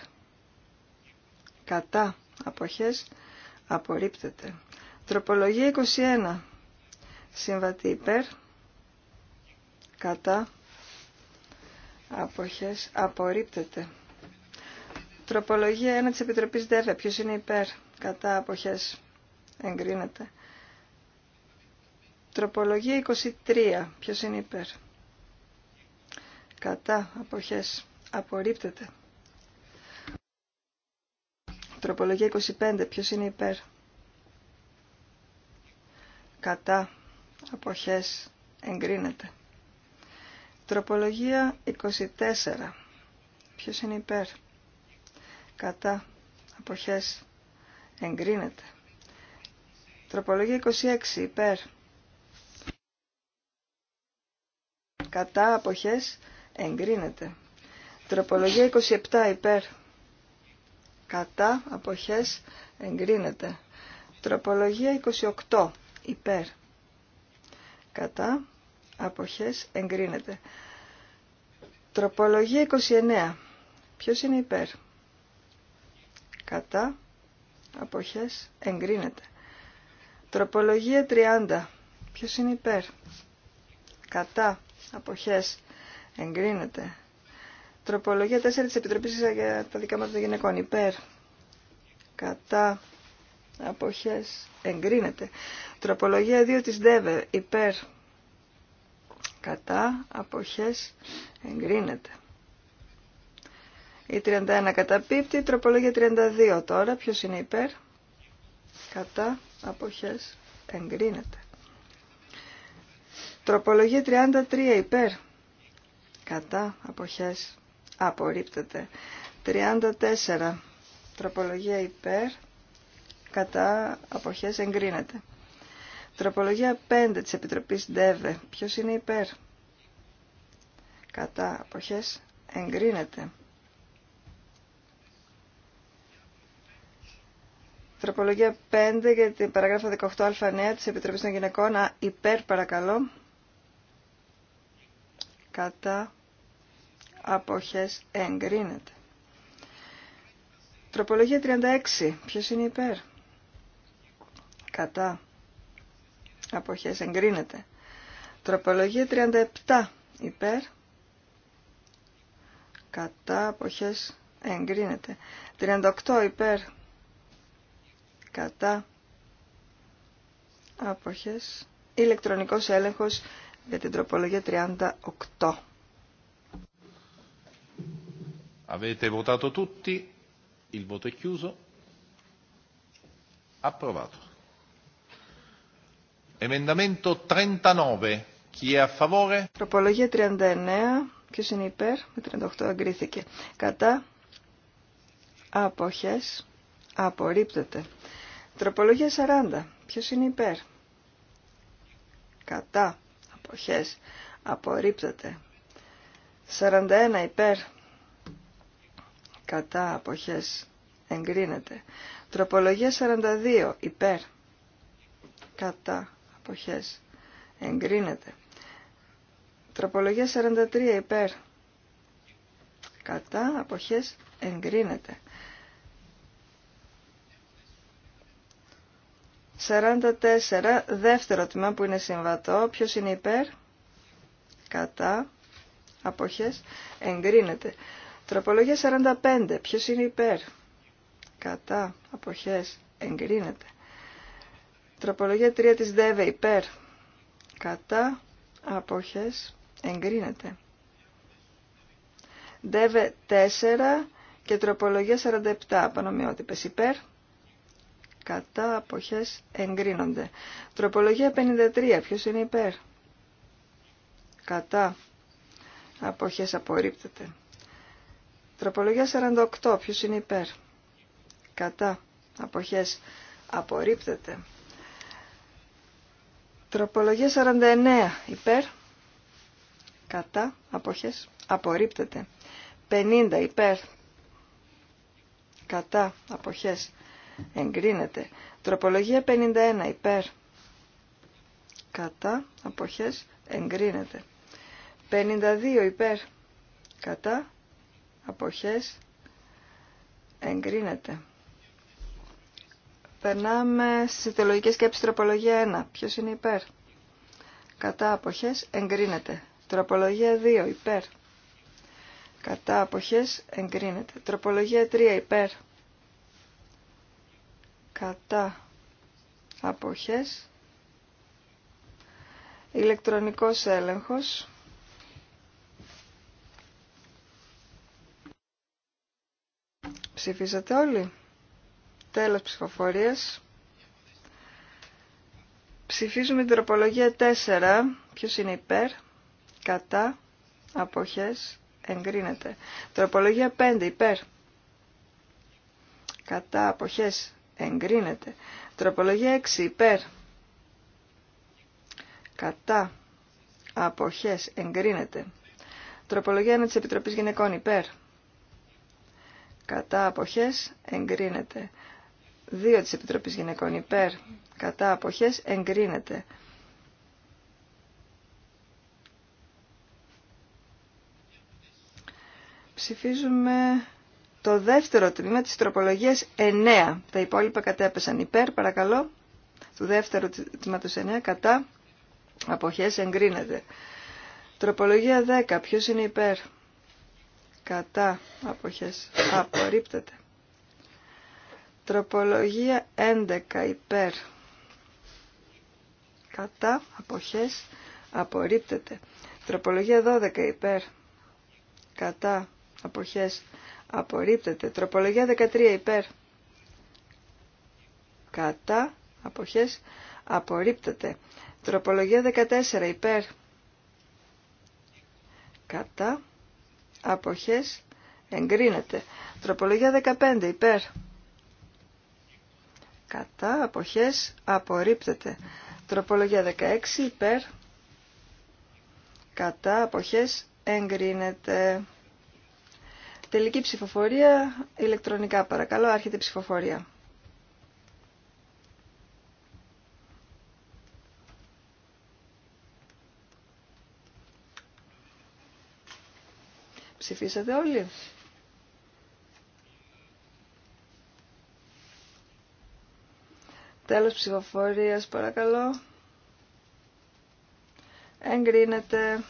Κατά αποχές. Απορρίπτεται. Τροπολογία 21. Συμβατή υπέρ κατά αποχές απορρίπτεται. Τροπολογία 1 της Επιτροπής ΔΕΒΕ. Ποιος είναι υπέρ κατά αποχές εγκρίνεται. Τροπολογία 23. Ποιος είναι υπέρ. Κατά αποχές απορρίπτεται. Τροπολογία 25. Ποιος είναι υπέρ. Κατά αποχές εγκρίνεται. Τροπολογία 24. Ποιος είναι υπέρ. Κατά. Αποχές. Εγκρίνεται. Τροπολογία 26. Υπέρ. Κατά. Αποχές. Εγκρίνεται. Τροπολογία 27. Υπέρ. Κατά. Αποχές. Εγκρίνεται. Τροπολογία 28. Υπέρ. Κατά αποχές εγκρίνεται. Τροπολογία 29. Ποιος είναι υπέρ. Κατά αποχές εγκρίνεται. Τροπολογία 30. Ποιος είναι υπέρ. Κατά αποχές εγκρίνεται. Τροπολογία 4 της Επιτροπής για τα δικαιώματα των γυναικών υπέρ. Κατά αποχές εγκρίνεται. Τροπολογία 2 της ΔΕΒΕ υπέρ κατά αποχές εγκρίνεται. Η 31 καταπίπτει, τροπολογία 32 τώρα, ποιος είναι υπέρ, κατά αποχές εγκρίνεται. Τροπολογία 33 υπέρ, κατά αποχές απορρίπτεται. 34 τροπολογία υπέρ, κατά αποχές εγκρίνεται. Τροπολογία 5 της Επιτροπής ΔΕΒΕ. Ποιος είναι υπέρ. Κατά αποχές εγκρίνεται. Τροπολογία 5 για την παραγράφο 18α9 της Επιτροπής των Γυναικών. Α, υπέρ παρακαλώ. Κατά αποχές εγκρίνεται. Τροπολογία 36. Ποιος είναι υπέρ. Κατά αποχές εγκρίνεται. Τροπολογία 37 υπέρ, κατά αποχές εγκρίνεται. 38 υπέρ, κατά αποχές ηλεκτρονικός έλεγχος για την τροπολογία 38. Avete votato tutti, il voto è chiuso, approvato. Emendamento 39. Chi è a favore? Τροπολογία 39. Ποιος είναι υπέρ? Με 38 εγκρίθηκε. Κατά. Αποχές. Απορρίπτεται. Τροπολογία 40. Ποιος είναι υπέρ? Κατά. Αποχές. Απορρίπτεται. 41 υπέρ. Κατά. Αποχές. Εγκρίνεται. Τροπολογία 42 υπέρ. Κατά αποχές εγκρίνεται. Τροπολογία 43 υπέρ κατά αποχές εγκρίνεται. 44 δεύτερο τμήμα που είναι συμβατό. Ποιος είναι υπέρ κατά αποχές εγκρίνεται. Τροπολογία 45. Ποιος είναι υπέρ. Κατά αποχές εγκρίνεται. Τροπολογία 3 της ΔΕΒΕ υπέρ κατά αποχές εγκρίνεται. ΔΕΒΕ 4 και τροπολογία 47 πανομοιότυπες υπέρ κατά αποχές εγκρίνονται. Τροπολογία 53 ποιος είναι υπέρ κατά αποχές απορρίπτεται. Τροπολογία 48 ποιος είναι υπέρ κατά αποχές απορρίπτεται. Τροπολογία 49 υπέρ, κατά, αποχές, απορρίπτεται. 50 υπέρ, κατά, αποχές, εγκρίνεται. Τροπολογία 51 υπέρ, κατά, αποχές, εγκρίνεται. 52 υπέρ, κατά, αποχές, εγκρίνεται. Περνάμε στι ιδεολογικέ σκέψη τροπολογία 1. Ποιος είναι υπέρ. Κατά αποχές εγκρίνεται. Τροπολογία 2 υπέρ. Κατά αποχές εγκρίνεται. Τροπολογία 3 υπέρ. Κατά αποχές. Ηλεκτρονικός έλεγχος. Ψηφίσατε όλοι. Τέλος ψηφοφορίας. Ψηφίζουμε την τροπολογία 4. Ποιος είναι υπέρ, κατά, αποχές, εγκρίνεται. Τροπολογία 5. Υπέρ, κατά, αποχές, εγκρίνεται. Τροπολογία 6. Υπέρ, κατά, αποχές, εγκρίνεται. Τροπολογία 1 της Επιτροπής Γυναικών. Υπέρ, κατά, αποχές, εγκρίνεται. Δύο της Επιτροπής Γυναικών υπέρ κατά αποχές εγκρίνεται. Ψηφίζουμε το δεύτερο τμήμα της τροπολογίας 9. Τα υπόλοιπα κατέπεσαν υπέρ, παρακαλώ. Του δεύτερου τμήματος 9 κατά αποχές εγκρίνεται. Τροπολογία 10. Ποιος είναι υπέρ. Κατά αποχές απορρίπτεται. Τροπολογία 11 υπέρ κατά αποχές απορρίπτεται. Τροπολογία 12 υπέρ κατά αποχές απορρίπτεται. Τροπολογία 13 υπέρ κατά αποχές απορρίπτεται. Τροπολογία 14 υπέρ κατά αποχές εγκρίνεται. Τροπολογία 15 υπέρ κατά, αποχές, απορρίπτεται. Τροπολογία 16 υπέρ, κατά, αποχές, εγκρίνεται. Τελική ψηφοφορία, ηλεκτρονικά παρακαλώ, άρχεται ψηφοφορία. Ψηφίσατε όλοι. Τέλος ψηφοφορίας παρακαλώ. Εγκρίνεται.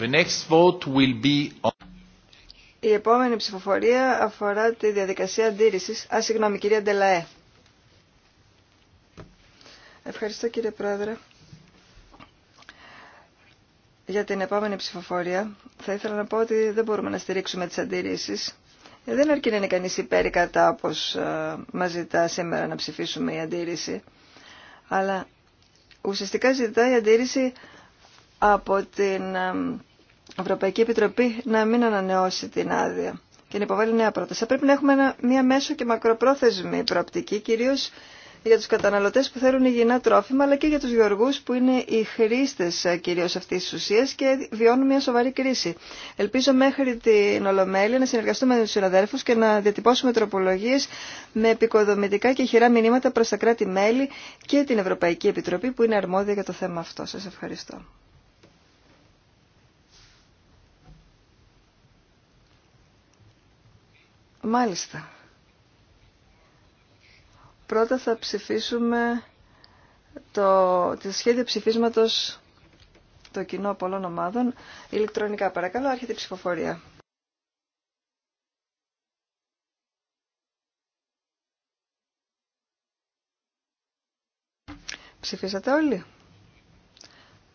The next vote will be on η επόμενη ψηφοφορία αφορά τη διαδικασία αντίρρησης. Α, συγγνώμη, κυρία Ντελαέ. Ευχαριστώ κύριε Πρόεδρε. Για την επόμενη ψηφοφορία θα ήθελα να πω ότι δεν μπορούμε να στηρίξουμε τις αντιρρήσεις. Ε, δεν αρκεί να είναι κανείς υπέρ ή κατά όπως ε, μας ζητά σήμερα να ψηφίσουμε η αντίρρηση. ζητα ουσιαστικά ζητά η αντίρρηση από την ε, Ευρωπαϊκή Επιτροπή να μην ανανεώσει την άδεια και να υποβάλει νέα πρόταση. Θα πρέπει να έχουμε μια μέσο και μακροπρόθεσμη προοπτική, κυρίω για του καταναλωτέ που θέλουν υγιεινά τρόφιμα, αλλά και για του γεωργού, που είναι οι χρήστε κυρίω αυτή τη ουσία και βιώνουν μια σοβαρή κρίση. Ελπίζω μέχρι την Ολομέλη να συνεργαστούμε με του συναδέλφου και να διατυπώσουμε τροπολογίε με επικοδομητικά και χειρά μηνύματα προ τα κράτη-μέλη και την Ευρωπαϊκή Επιτροπή που είναι αρμόδια για το θέμα αυτό. Σα ευχαριστώ. Μάλιστα. Πρώτα θα ψηφίσουμε το, το σχέδιο ψηφίσματος το κοινό πολλών ομάδων ηλεκτρονικά. Παρακαλώ, άρχεται η ψηφοφορία. Ψηφίσατε όλοι.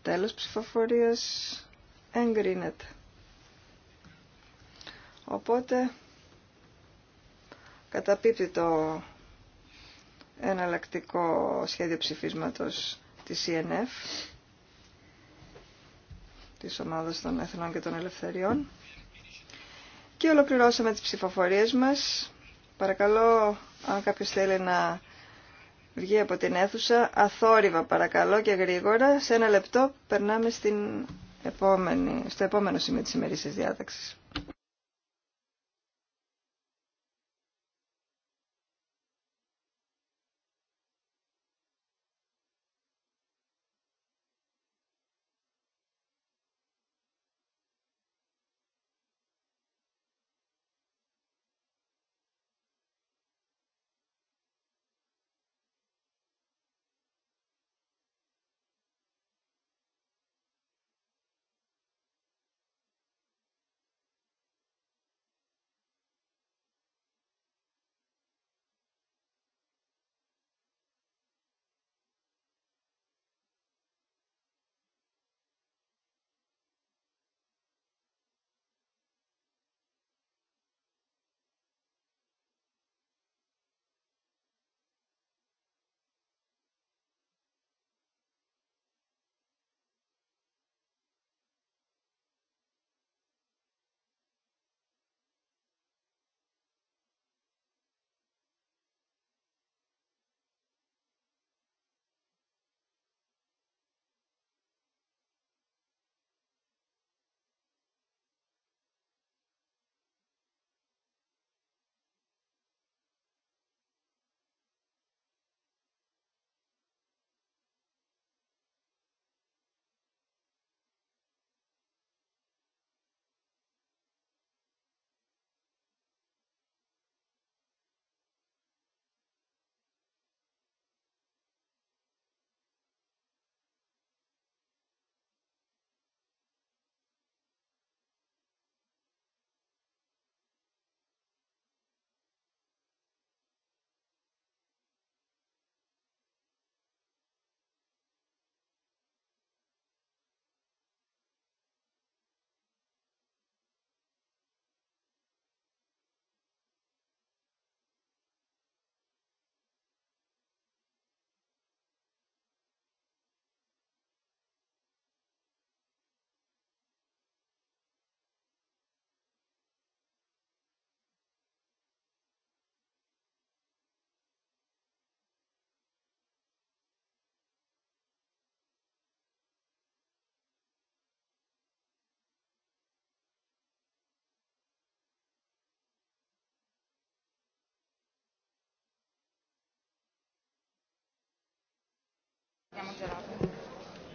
Τέλος ψηφοφορίας εγκρίνεται. Οπότε καταπίπτει το εναλλακτικό σχέδιο ψηφίσματος της ΕΝΕΦ, της Ομάδας των Εθνών και των Ελευθεριών. Και ολοκληρώσαμε τις ψηφοφορίες μας. Παρακαλώ, αν κάποιος θέλει να βγει από την αίθουσα, αθόρυβα παρακαλώ και γρήγορα. Σε ένα λεπτό περνάμε στην επόμενη, στο επόμενο σημείο της ημερήσιας διάταξης.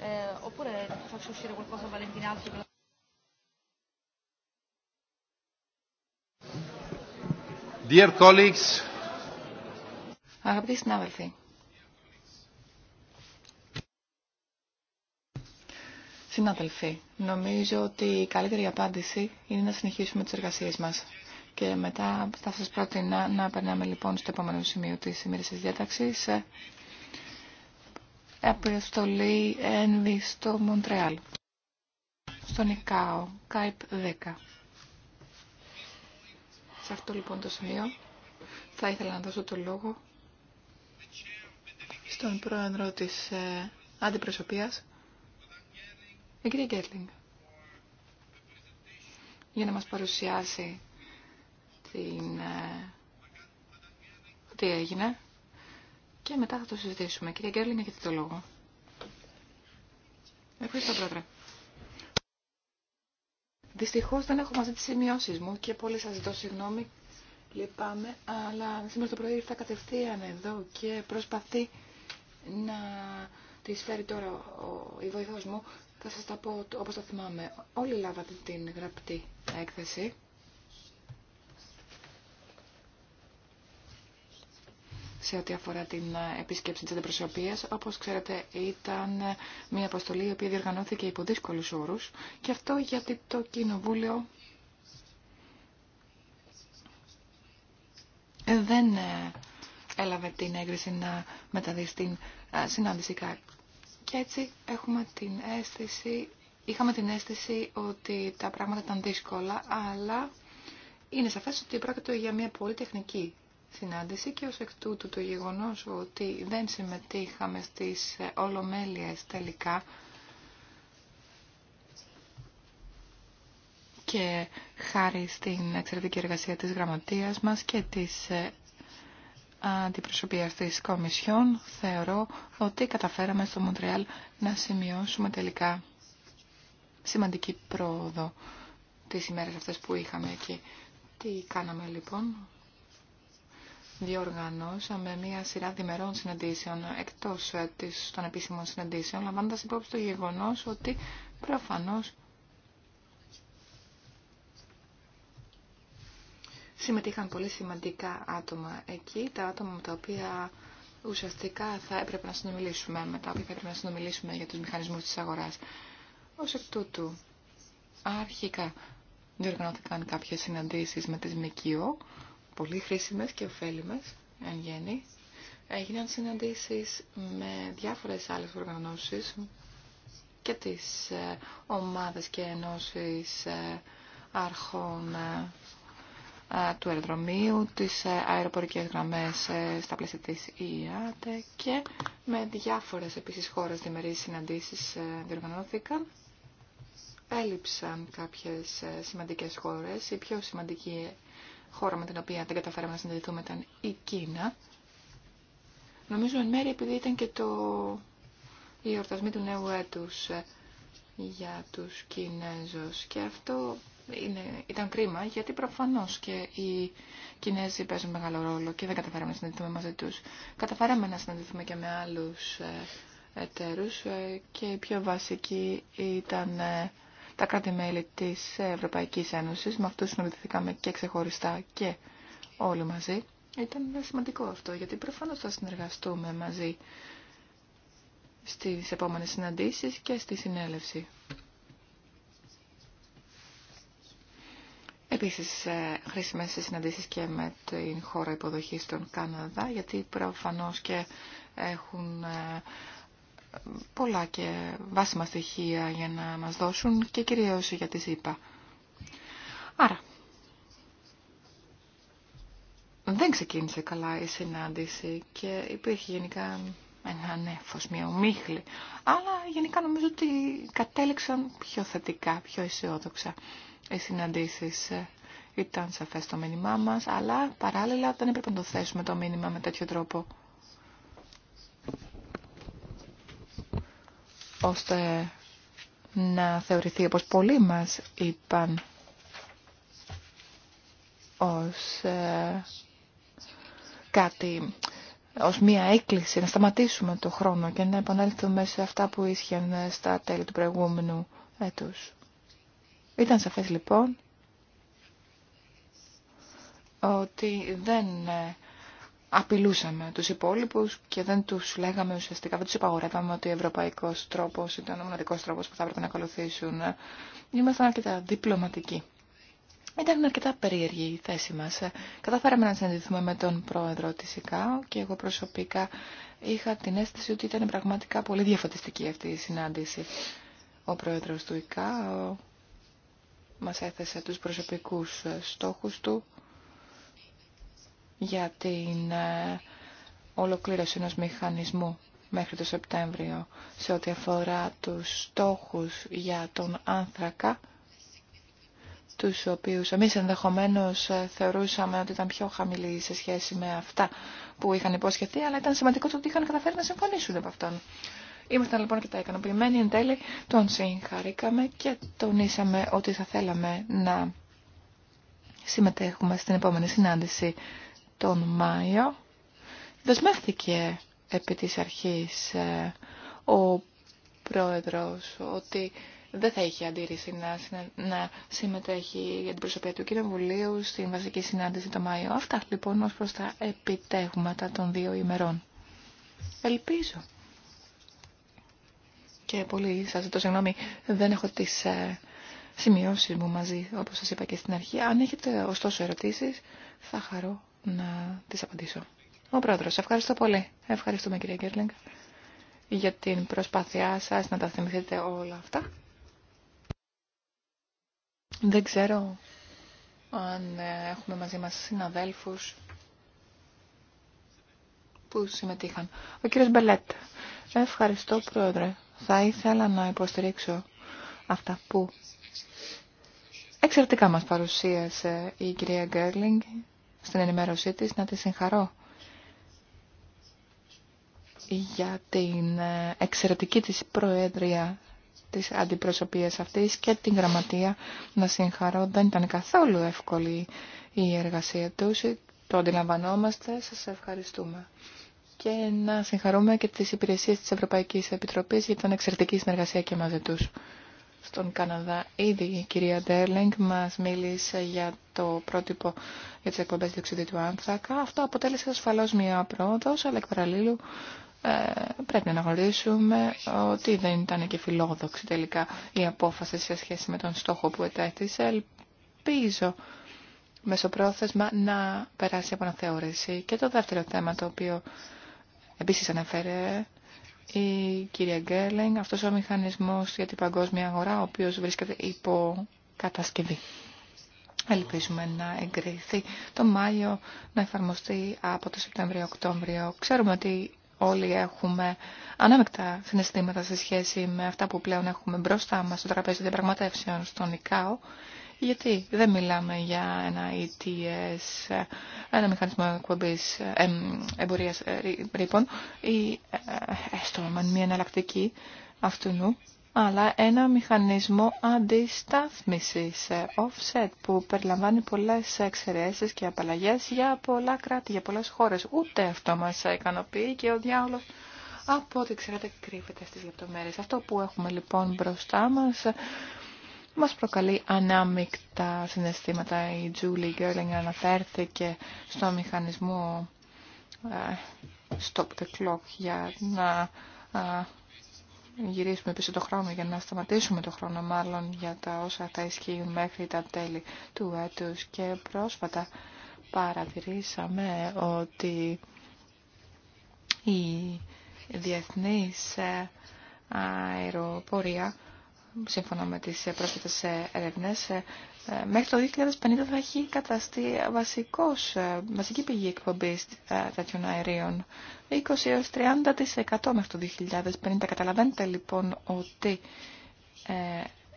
Eh, oppure faccio uscire qualcosa a per Αγαπητοί συνάδελφοι, συνάδελφοι, νομίζω ότι η καλύτερη απάντηση είναι να συνεχίσουμε τις εργασίες μας. Και μετά θα σας πρότεινα να περνάμε λοιπόν στο επόμενο σημείο της ημέρας της διάταξης, Επιστολή Ένβη στο Μοντρεάλ. Στον Νικάο, ΚΑΙΠ 10. Σε αυτό λοιπόν το σημείο θα ήθελα να δώσω το λόγο στον πρόεδρο της ε, αντιπροσωπείας, η κυρία Γκέρλινγκ, για να μας παρουσιάσει την, ε, τι έγινε και μετά θα το συζητήσουμε. Κύριε Γκέρλιν, έχετε το λόγο. Ευχαριστώ, Πρόεδρε. Δυστυχώ δεν έχω μαζί τι σημειώσει μου και πολύ σα ζητώ συγγνώμη. Λυπάμαι, αλλά σήμερα το πρωί ήρθα κατευθείαν εδώ και προσπαθεί να τη φέρει τώρα ο, η βοηθός μου. Θα σας τα πω όπως το θυμάμαι. Όλοι λάβατε την γραπτή έκθεση. σε ό,τι αφορά την επίσκεψη της αντιπροσωπείας. Όπως ξέρετε ήταν μια αποστολή η οποία διοργανώθηκε υπό δύσκολου όρους και αυτό γιατί το Κοινοβούλιο δεν έλαβε την έγκριση να μεταδεί στην συνάντηση ΚΑΚ. Και έτσι έχουμε την αίσθηση, είχαμε την αίσθηση ότι τα πράγματα ήταν δύσκολα, αλλά είναι σαφές ότι πρόκειται για μια πολύ τεχνική συνάντηση και ως εκ τούτου το γεγονός ότι δεν συμμετείχαμε στις ε, ολομέλειες τελικά και χάρη στην εξαιρετική εργασία της γραμματείας μας και της ε, αντιπροσωπείας της Κομισιόν θεωρώ ότι καταφέραμε στο Μοντρεάλ να σημειώσουμε τελικά σημαντική πρόοδο τις ημέρες αυτές που είχαμε εκεί. Τι κάναμε λοιπόν, διοργανώσαμε μία σειρά διμερών συναντήσεων εκτός ε, της, των επίσημων συναντήσεων, λαμβάνοντας υπόψη το γεγονός ότι προφανώς συμμετείχαν πολύ σημαντικά άτομα εκεί, τα άτομα με τα οποία ουσιαστικά θα έπρεπε να συνομιλήσουμε, με τα οποία θα έπρεπε να συνομιλήσουμε για τους μηχανισμούς της αγοράς. Ως εκ τούτου, αρχικά διοργανώθηκαν κάποιες συναντήσεις με τις ΜΚΟ, πολύ χρήσιμες και ωφέλιμες εν γέννη. Έγιναν συναντήσεις με διάφορες άλλες οργανώσεις και τις ε, ομάδες και ενώσεις ε, αρχών ε, του αεροδρομίου, τις αεροπορικές γραμμές στα πλαίσια της ΙΑΤ και με διάφορες επίσης χώρες διμερείς συναντήσεις διοργανώθηκαν. Έλειψαν κάποιες σημαντικές χώρες. Η πιο σημαντική χώρα με την οποία δεν καταφέραμε να συνδεθούμε ήταν η Κίνα. Νομίζω εν μέρει επειδή ήταν και το... οι εορτασμοί του νέου έτους ε, για τους Κινέζους. Και αυτό είναι... ήταν κρίμα γιατί προφανώς και οι Κινέζοι παίζουν μεγάλο ρόλο και δεν καταφέραμε να συναντηθούμε μαζί τους. Καταφέραμε να συναντηθούμε και με άλλους ε, εταίρους ε, και η πιο βασική ήταν τα κράτη-μέλη της Ευρωπαϊκής Ένωσης, με αυτούς συναντηθήκαμε και ξεχωριστά και όλοι μαζί. Ήταν σημαντικό αυτό, γιατί προφανώς θα συνεργαστούμε μαζί στις επόμενες συναντήσεις και στη συνέλευση. Επίσης, ε, χρήσιμες συναντήσεις και με την χώρα υποδοχής των Καναδά, γιατί προφανώς και έχουν ε, πολλά και βάσιμα στοιχεία για να μας δώσουν και κυρίως για τις ΗΠΑ. Άρα, δεν ξεκίνησε καλά η συνάντηση και υπήρχε γενικά ένα νέφος, μια ομίχλη. Αλλά γενικά νομίζω ότι κατέληξαν πιο θετικά, πιο αισιόδοξα οι συναντήσεις. Ήταν σαφές το μήνυμά μας, αλλά παράλληλα δεν έπρεπε να το θέσουμε το μήνυμα με τέτοιο τρόπο. ώστε να θεωρηθεί όπως πολλοί μας είπαν ως ε, κάτι, ως μία έκκληση να σταματήσουμε το χρόνο και να επανέλθουμε σε αυτά που ίσχυαν στα τέλη του προηγούμενου έτους. Ήταν σαφές λοιπόν ότι δεν ε, απειλούσαμε τους υπόλοιπους και δεν τους λέγαμε ουσιαστικά, δεν τους υπαγορεύαμε ότι ο ευρωπαϊκός τρόπος ήταν ο μοναδικός τρόπος που θα έπρεπε να ακολουθήσουν. Ήμασταν αρκετά διπλωματικοί. Ήταν αρκετά περίεργη η θέση μας. Καταφέραμε να συναντηθούμε με τον πρόεδρο της ΕΚΑΟ και εγώ προσωπικά είχα την αίσθηση ότι ήταν πραγματικά πολύ διαφωτιστική αυτή η συνάντηση. Ο πρόεδρος του ΙΚΑΟ μας έθεσε τους προσωπικούς στόχους του για την ε, ολοκλήρωση ενός μηχανισμού μέχρι το Σεπτέμβριο σε ό,τι αφορά τους στόχους για τον άνθρακα, τους οποίους εμείς ενδεχομένως ε, θεωρούσαμε ότι ήταν πιο χαμηλοί σε σχέση με αυτά που είχαν υποσχεθεί, αλλά ήταν σημαντικό το ότι είχαν καταφέρει να συμφωνήσουν από αυτόν. Ήμασταν λοιπόν και τα ικανοποιημένοι εν τέλει, τον συγχαρήκαμε και τονίσαμε ότι θα θέλαμε να συμμετέχουμε στην επόμενη συνάντηση τον Μάιο δεσμεύτηκε επί της αρχής ε, ο πρόεδρος ότι δεν θα είχε αντίρρηση να, συμμετέχει για την προσωπία του Κοινοβουλίου στην βασική συνάντηση το Μάιο. Αυτά λοιπόν ως προς τα επιτέγματα των δύο ημερών. Ελπίζω. Και πολύ σας ζητώ συγγνώμη, δεν έχω τις ε, σημειώσεις μου μαζί, όπως σας είπα και στην αρχή. Αν έχετε ωστόσο ερωτήσεις, θα χαρώ να τις απαντήσω. Ο πρόεδρος, ευχαριστώ πολύ. Ευχαριστούμε κυρία Γκέρλινγκ για την προσπάθειά σας να τα θυμηθείτε όλα αυτά. Δεν ξέρω αν έχουμε μαζί μας συναδέλφους που συμμετείχαν. Ο κύριος Μπελέτ, ευχαριστώ πρόεδρε. Θα ήθελα να υποστηρίξω αυτά που εξαιρετικά μας παρουσίασε η κυρία Γκέρλινγκ στην ενημέρωσή της να τη συγχαρώ για την ε, εξαιρετική της προέδρια της αντιπροσωπείας αυτής και την γραμματεία να συγχαρώ. Δεν ήταν καθόλου εύκολη η εργασία τους. Το αντιλαμβανόμαστε. Σας ευχαριστούμε. Και να συγχαρούμε και τις υπηρεσίες της Ευρωπαϊκής Επιτροπής για την εξαιρετική συνεργασία και μαζί τους στον Καναδά. Ήδη η κυρία Ντέρλινγκ μας μίλησε για το πρότυπο για τις εκπομπές διοξιδίου του άνθρακα. Αυτό αποτέλεσε ασφαλώς μια πρόοδος, αλλά εκ παραλλήλου ε, πρέπει να αναγνωρίσουμε ότι δεν ήταν και φιλόδοξη τελικά η απόφαση σε σχέση με τον στόχο που ετέθησε. Ελπίζω μεσοπρόθεσμα να περάσει από αναθεώρηση. Και το δεύτερο θέμα το οποίο επίσης αναφέρε η κυρία Γκέρλινγκ, αυτός ο μηχανισμός για την παγκόσμια αγορά, ο οποίος βρίσκεται υπό κατασκευή. Ελπίζουμε να εγκριθεί το Μάιο, να εφαρμοστεί από το Σεπτέμβριο-Οκτώβριο. Ξέρουμε ότι όλοι έχουμε ανάμεκτα συναισθήματα σε σχέση με αυτά που πλέον έχουμε μπροστά μας στο τραπέζι διαπραγματεύσεων στον ΙΚΑΟ γιατί δεν μιλάμε για ένα ETS, ένα μηχανισμό εκπομπή εμπορία ε, ρήπων ή ε, έστω με μια εναλλακτική αυτού αλλά ένα μηχανισμό αντιστάθμισης, ε, offset, που περιλαμβάνει πολλές εξαιρέσεις και απαλλαγές για πολλά κράτη, για πολλές χώρες. Ούτε αυτό μας ικανοποιεί και ο διάολος από ό,τι ξέρετε κρύβεται στις λεπτομέρειες. Αυτό που έχουμε λοιπόν μπροστά μας μας προκαλεί ανάμεικτα συναισθήματα. Η Julie Γκέρλινγκ αναφέρθηκε στο μηχανισμό ε, Stop the Clock για να ε, γυρίσουμε πίσω το χρόνο, για να σταματήσουμε το χρόνο μάλλον για τα όσα θα ισχύουν μέχρι τα τέλη του έτους. Και πρόσφατα παρατηρήσαμε ότι η διεθνής ε, αεροπορία σύμφωνα με τις πρόσφατες ερευνές, ε, ε, μέχρι το 2050 θα έχει καταστεί βασικός, ε, βασική πηγή εκπομπής τέτοιων αερίων. 20 30% μέχρι το 2050. Καταλαβαίνετε λοιπόν ότι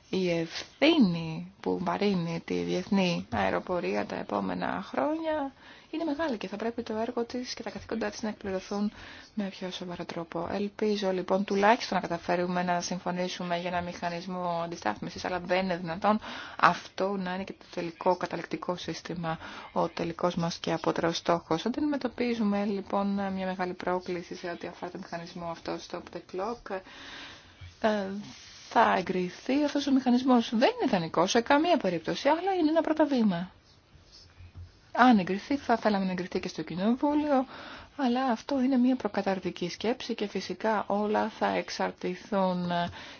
η ευθύνη που βαρύνει τη διεθνή αεροπορία τα επόμενα χρόνια είναι μεγάλη και θα πρέπει το έργο τη και τα καθήκοντά τη να εκπληρωθούν με πιο σοβαρό τρόπο. Ελπίζω λοιπόν τουλάχιστον να καταφέρουμε να συμφωνήσουμε για ένα μηχανισμό αντιστάθμιση, αλλά δεν είναι δυνατόν αυτό να είναι και το τελικό καταληκτικό σύστημα, ο τελικό μα και απότερος στόχος. Αντιμετωπίζουμε λοιπόν μια μεγάλη πρόκληση σε ό,τι αφορά το μηχανισμό αυτό στο the clock ε, θα εγκριθεί αυτός ο μηχανισμός. Δεν είναι ιδανικό σε καμία περίπτωση, αλλά είναι ένα πρώτο βήμα. Αν εγκριθεί, θα θέλαμε να εγκριθεί και στο Κοινοβούλιο, αλλά αυτό είναι μια προκαταρτική σκέψη και φυσικά όλα θα εξαρτηθούν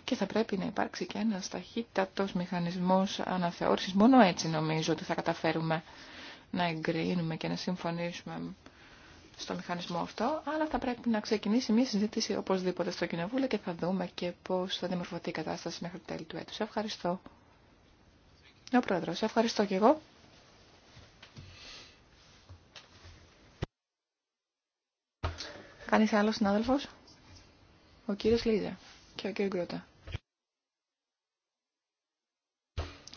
και θα πρέπει να υπάρξει και ένας ταχύτατος μηχανισμός αναθεώρησης. Μόνο έτσι νομίζω ότι θα καταφέρουμε να εγκρίνουμε και να συμφωνήσουμε στο μηχανισμό αυτό, αλλά θα πρέπει να ξεκινήσει μια συζήτηση οπωσδήποτε στο Κοινοβούλιο και θα δούμε και πώς θα δημορφωθεί η κατάσταση μέχρι το τέλη του έτους. Ευχαριστώ. Ο Πρόεδρος, ευχαριστώ και εγώ. Κανείς άλλος Ο κύριος Λίζα και ο κύριος Γκρότα.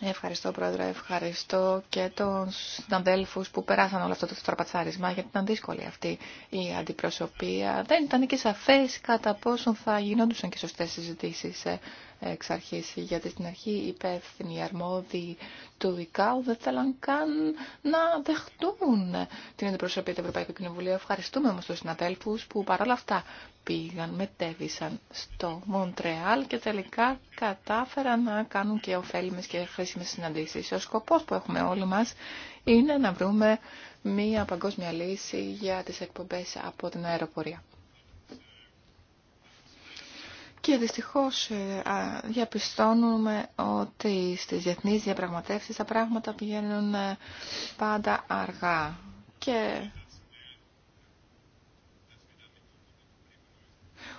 Ευχαριστώ πρόεδρε, ευχαριστώ και τον συναδέλφου που περάσαν όλο αυτό το τραπατσάρισμα γιατί ήταν δύσκολη αυτή η αντιπροσωπεία. Δεν ήταν και σαφές κατά πόσον θα γινόντουσαν και σωστές συζητήσεις ε εξ αρχής, γιατί στην αρχή οι υπεύθυνοι, οι αρμόδιοι του ΙΚΑΟ δεν θέλαν καν να δεχτούν την αντιπροσωπή του Ευρωπαϊκού Κοινοβουλίου. Ευχαριστούμε όμως τους συναδέλφους που παρόλα αυτά πήγαν, μετέβησαν στο Μοντρεάλ και τελικά κατάφεραν να κάνουν και ωφέλιμες και χρήσιμες συναντήσεις. Ο σκοπός που έχουμε όλοι μας είναι να βρούμε μία παγκόσμια λύση για τις εκπομπές από την αεροπορία. Και δυστυχώς ε, διαπιστώνουμε ότι στις διεθνείς διαπραγματεύσεις τα πράγματα πηγαίνουν ε, πάντα αργά. Και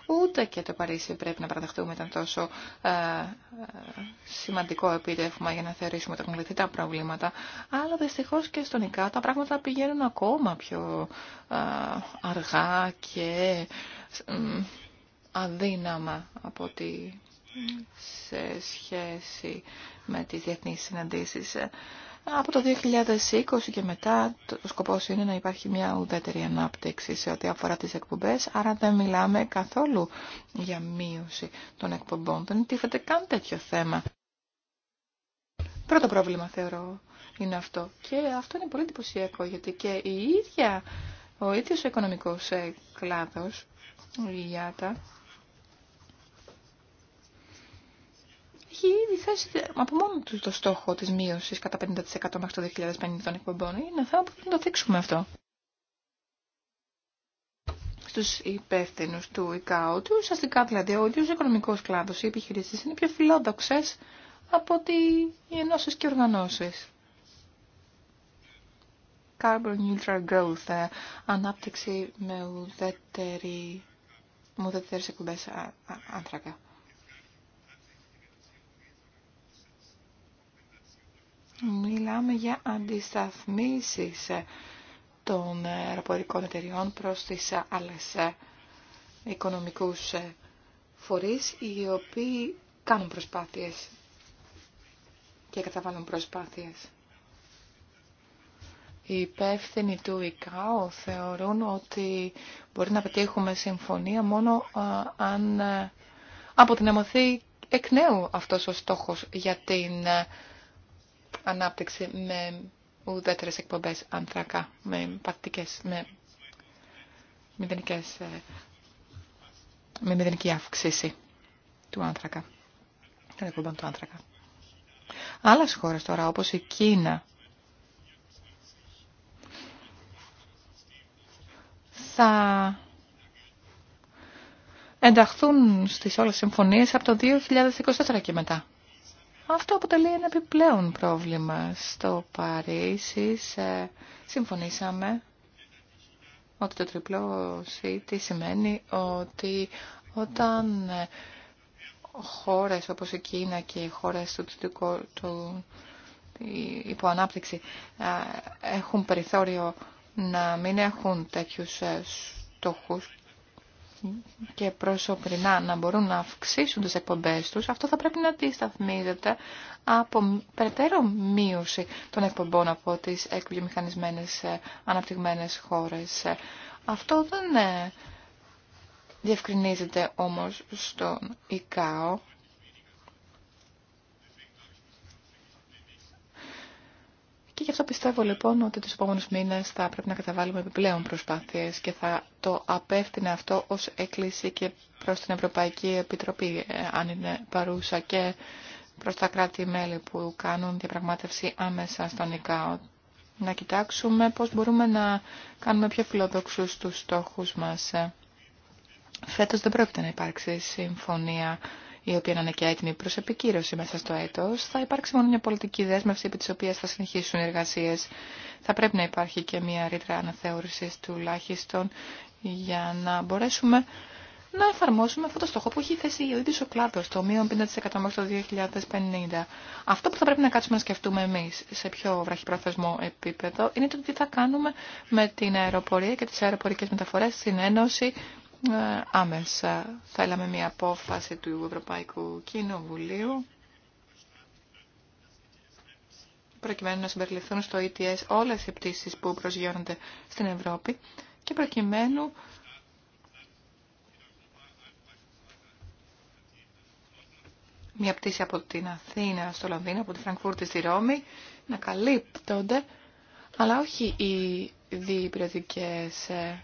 ούτε και το Παρίσι πρέπει να παραδεχτούμε ήταν τόσο ε, σημαντικό επίτευγμα για να θεωρήσουμε τα έχουν τα προβλήματα. Αλλά δυστυχώς και στον ΙΚΑ τα πράγματα πηγαίνουν ακόμα πιο αργά και αδύναμα από τη σε σχέση με τις διεθνείς συναντήσεις. Από το 2020 και μετά το σκοπός είναι να υπάρχει μια ουδέτερη ανάπτυξη σε ό,τι αφορά τις εκπομπές, άρα δεν μιλάμε καθόλου για μείωση των εκπομπών. Δεν τίθεται καν τέτοιο θέμα. Πρώτο πρόβλημα θεωρώ είναι αυτό. Και αυτό είναι πολύ εντυπωσιακό γιατί και η ίδια, ο ίδιος ο οικονομικός ε, κλάδος, η ΙΑΤΑ, έχει ήδη θέσει από μόνο του το στόχο της μείωση κατά 50% μέχρι το 2050 των εκπομπών. Είναι θέμα που πρέπει να το δείξουμε αυτό. Στου υπεύθυνου του ΙΚΑΟ, του ουσιαστικά δηλαδή ο ίδιο οικονομικό κλάδο οι επιχειρήσεις είναι πιο φιλόδοξες από ότι οι ενώσει και οργανώσεις. Carbon Neutral Growth, ε, ανάπτυξη με ουδέτερη, με ουδέτερες εκπομπές άνθρακα. Μιλάμε για αντισταθμίσεις των αεροπορικών εταιριών προς τις άλλες οικονομικούς φορείς οι οποίοι κάνουν προσπάθειες και καταβάλουν προσπάθειες. Οι υπεύθυνοι του ΙΚΑΟ θεωρούν ότι μπορεί να πετύχουμε συμφωνία μόνο αν ε, αποδυναμωθεί εκ νέου αυτός ο στόχος για την ε, ανάπτυξη με ουδέτερε εκπομπέ ανθρακά, με με μηδενικές, ε, με μηδενική αύξηση του άνθρακα, των εκπομπών του άνθρακα. Άλλες χώρες τώρα, όπως η Κίνα, θα ενταχθούν στις όλες τις συμφωνίες από το 2024 και μετά. Αυτό αποτελεί ένα επιπλέον πρόβλημα. Στο Παρίσι ε, συμφωνήσαμε ότι το τριπλό σίτι σημαίνει ότι όταν ε, χώρες όπως η Κίνα και οι χώρες του τυπικού του υποανάπτυξη ε, έχουν περιθώριο να μην έχουν τέτοιους στόχους και προσωπικά να μπορούν να αυξήσουν τις εκπομπές τους, αυτό θα πρέπει να αντισταθμίζεται από περαιτέρω μείωση των εκπομπών από τις εκβιομηχανισμένες ε, αναπτυγμένες χώρες. Ε, αυτό δεν ε, διευκρινίζεται όμως στον ΙΚΑΟ Και γι' αυτό πιστεύω λοιπόν ότι τους επόμενους μήνες θα πρέπει να καταβάλουμε επιπλέον προσπάθειες και θα το απέφτεινα αυτό ως έκκληση και προς την Ευρωπαϊκή Επιτροπή, ε, αν είναι παρούσα και προς τα κράτη-μέλη που κάνουν διαπραγμάτευση άμεσα στον ΙΚΑΟ. Να κοιτάξουμε πώς μπορούμε να κάνουμε πιο φιλοδόξους τους στόχους μας. Ε, φέτος δεν πρόκειται να υπάρξει συμφωνία η οποία να είναι και έτοιμη προ επικύρωση μέσα στο έτος. Θα υπάρξει μόνο μια πολιτική δέσμευση επί τη οποία θα συνεχίσουν οι εργασίες. Θα πρέπει να υπάρχει και μια ρήτρα αναθεώρηση τουλάχιστον για να μπορέσουμε να εφαρμόσουμε αυτό το στόχο που έχει θέσει ο ίδιο ο κλάδο, το μείον 50% μέχρι το 2050. Αυτό που θα πρέπει να κάτσουμε να σκεφτούμε εμεί σε πιο βραχυπρόθεσμο επίπεδο είναι το τι θα κάνουμε με την αεροπορία και τι αεροπορικέ μεταφορέ στην Ένωση ε, άμεσα θέλαμε μια απόφαση του Ευρωπαϊκού Κοινοβουλίου προκειμένου να συμπεριληφθούν στο ETS όλες οι πτήσεις που προσγειώνονται στην Ευρώπη και προκειμένου μια πτήση από την Αθήνα στο Λονδίνο, από τη Φραγκφούρτη στη Ρώμη, να καλύπτονται, αλλά όχι οι διπηρετικές ε,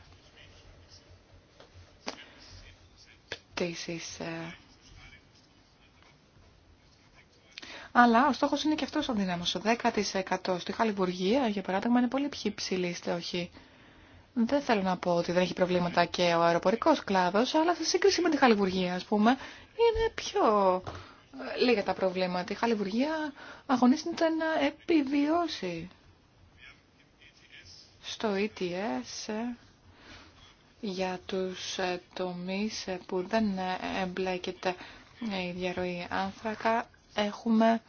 Ε. Αλλά ο στόχο είναι και αυτός ο δυνάμος. Ο 10% στη Χαλιβουργία, για παράδειγμα, είναι πολύ πιο υψηλή, στόχη. Δεν θέλω να πω ότι δεν έχει προβλήματα και ο αεροπορικός κλάδος, αλλά σε σύγκριση με τη Χαλιβουργία, ας πούμε, είναι πιο ε, λίγα τα προβλήματα. Η Χαλιβουργία αγωνίζεται να επιβιώσει. Στο ETS ε για τους ε, τομείς ε, που δεν ε, εμπλέκεται η διαρροή άνθρακα έχουμε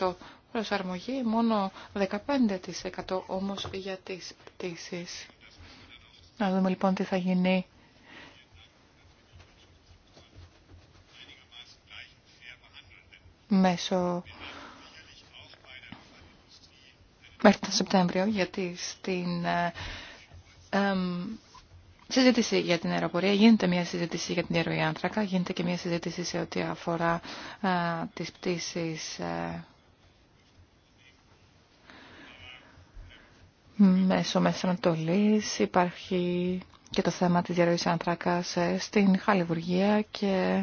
100% προσαρμογή, μόνο 15% όμως για τις πτήσεις. Να δούμε λοιπόν τι θα γίνει. Μέσω μέχρι τον Σεπτέμβριο, γιατί στην συζήτηση για την αεροπορία, γίνεται μια συζήτηση για την διαρροή άνθρακα, γίνεται και μια συζήτηση σε ό,τι αφορά α, ε, τις πτήσεις α, ε, μέσω Μεσανατολής, υπάρχει και το θέμα της διαρροής άνθρακας ε, στην Χαλιβουργία και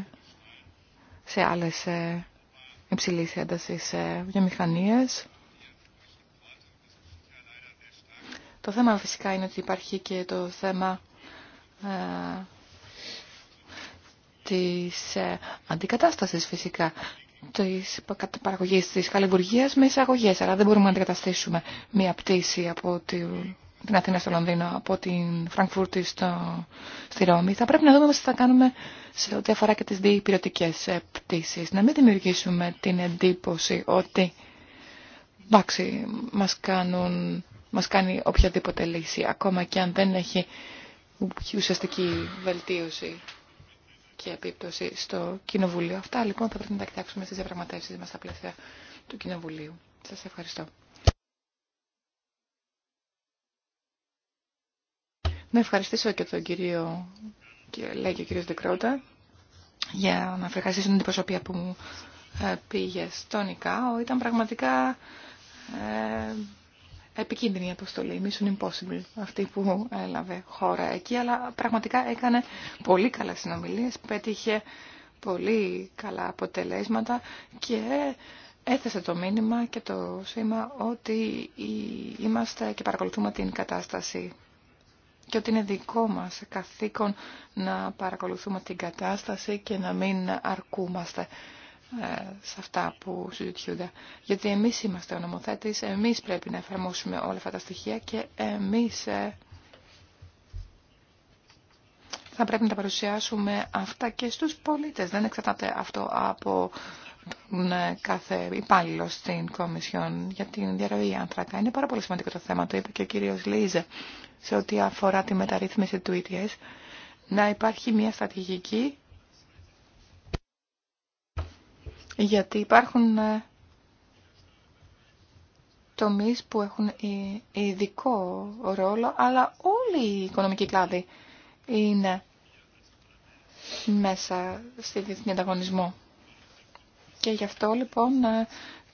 σε άλλες υψηλής έντασης βιομηχανίες. Το θέμα φυσικά είναι ότι υπάρχει και το θέμα ε, της ε, αντικατάστασης φυσικά της παραγωγής της χαλιβουργίας με εισαγωγές. Αλλά δεν μπορούμε να αντικαταστήσουμε μία πτήση από την Αθήνα στο Λονδίνο, από την Φραγκφούρτη στο, στη Ρώμη. Θα πρέπει να δούμε τι θα κάνουμε σε ό,τι αφορά και τις διπυρωτικές ε, πτήσεις. Να μην δημιουργήσουμε την εντύπωση ότι εντάξει, μας κάνουν μας κάνει οποιαδήποτε λύση, ακόμα και αν δεν έχει ουσιαστική βελτίωση και επίπτωση στο Κοινοβούλιο. Αυτά λοιπόν θα πρέπει να τα κοιτάξουμε στις διαπραγματεύσεις μας στα πλαίσια του Κοινοβουλίου. Σας ευχαριστώ. Να ευχαριστήσω και τον κύριο, και λέει και ο κύριος Δεκρότα, για να ευχαριστήσω την προσωπία που μου ε, πήγε στον ΙΚΑΟ. Ήταν πραγματικά ε, επικίνδυνη αποστολή, Mission Impossible, αυτή που έλαβε χώρα εκεί, αλλά πραγματικά έκανε πολύ καλά συνομιλίες, πέτυχε πολύ καλά αποτελέσματα και έθεσε το μήνυμα και το σήμα ότι είμαστε και παρακολουθούμε την κατάσταση και ότι είναι δικό μας καθήκον να παρακολουθούμε την κατάσταση και να μην αρκούμαστε ε, σε αυτά που συζητιούνται. Γιατί εμείς είμαστε ο νομοθέτης, εμείς πρέπει να εφαρμόσουμε όλα αυτά τα στοιχεία και εμείς ε, θα πρέπει να τα παρουσιάσουμε αυτά και στους πολίτες. Δεν εξαρτάται αυτό από ε, κάθε υπάλληλο στην Κομισιόν για την διαρροή άνθρακα. Είναι πάρα πολύ σημαντικό το θέμα, το είπε και ο κύριος Λίζε, σε ό,τι αφορά τη μεταρρύθμιση του ETS, να υπάρχει μια στρατηγική γιατί υπάρχουν ε, τομείς που έχουν ειδικό ρόλο, αλλά όλοι οι οικονομικοί κλάδοι είναι μέσα στη διεθνή ανταγωνισμό. Και γι' αυτό λοιπόν ε,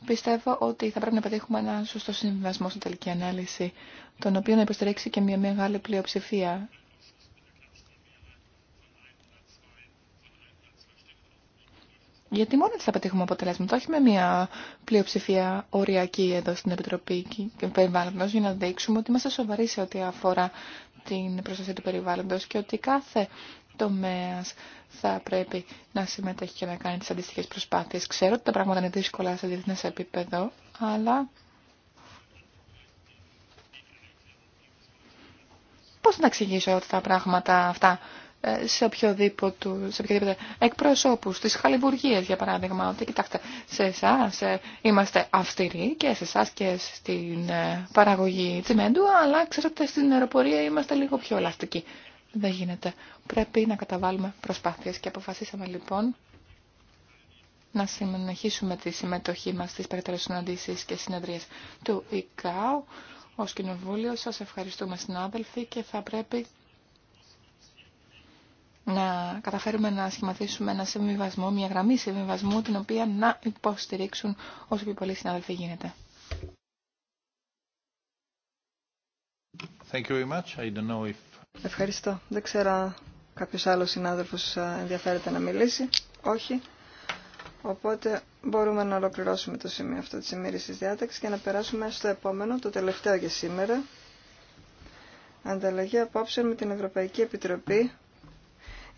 πιστεύω ότι θα πρέπει να πετύχουμε ένα σωστό συμβιβασμό στην τελική ανάλυση, τον οποίο να υποστηρίξει και μια μεγάλη πλειοψηφία Γιατί μόνο έτσι θα πετύχουμε αποτελέσματα, όχι με μια πλειοψηφία οριακή εδώ στην Επιτροπή Περιβάλλοντο, για να δείξουμε ότι είμαστε σοβαροί σε ό,τι αφορά την προστασία του περιβάλλοντο και ότι κάθε τομέα θα πρέπει να συμμετέχει και να κάνει τι αντίστοιχε προσπάθειε. Ξέρω ότι τα πράγματα είναι δύσκολα σε διεθνέ επίπεδο, αλλά. Πώς να εξηγήσω τα πράγματα αυτά ε, σε οποιοδήποτε, σε οποιοδήποτε εκπροσώπους της Χαλιβουργίας για παράδειγμα ότι κοιτάξτε σε εσά ε, είμαστε αυστηροί και σε εσά και στην ε, παραγωγή τσιμέντου αλλά ξέρετε στην αεροπορία είμαστε λίγο πιο ελαστικοί. Δεν γίνεται. Πρέπει να καταβάλουμε προσπάθειες και αποφασίσαμε λοιπόν να συνεχίσουμε τη συμμετοχή μας στις περιπτώσεις συναντήσεις και συνεδρίες του ΙΚΑΟ ως Κοινοβούλιο. Σας ευχαριστούμε συνάδελφοι και θα πρέπει να καταφέρουμε να σχηματίσουμε ένα συμβιβασμό, μια γραμμή συμβιβασμού, την οποία να υποστηρίξουν όσο πιο πολλοί συνάδελφοι γίνεται. Thank you very much. I don't know if... Ευχαριστώ. Δεν ξέρω κάποιος άλλος συνάδελφος ενδιαφέρεται να μιλήσει. Όχι. Οπότε μπορούμε να ολοκληρώσουμε το σημείο αυτό της ημίρησης διάταξης και να περάσουμε στο επόμενο, το τελευταίο για σήμερα. Ανταλλαγή απόψεων με την Ευρωπαϊκή Επιτροπή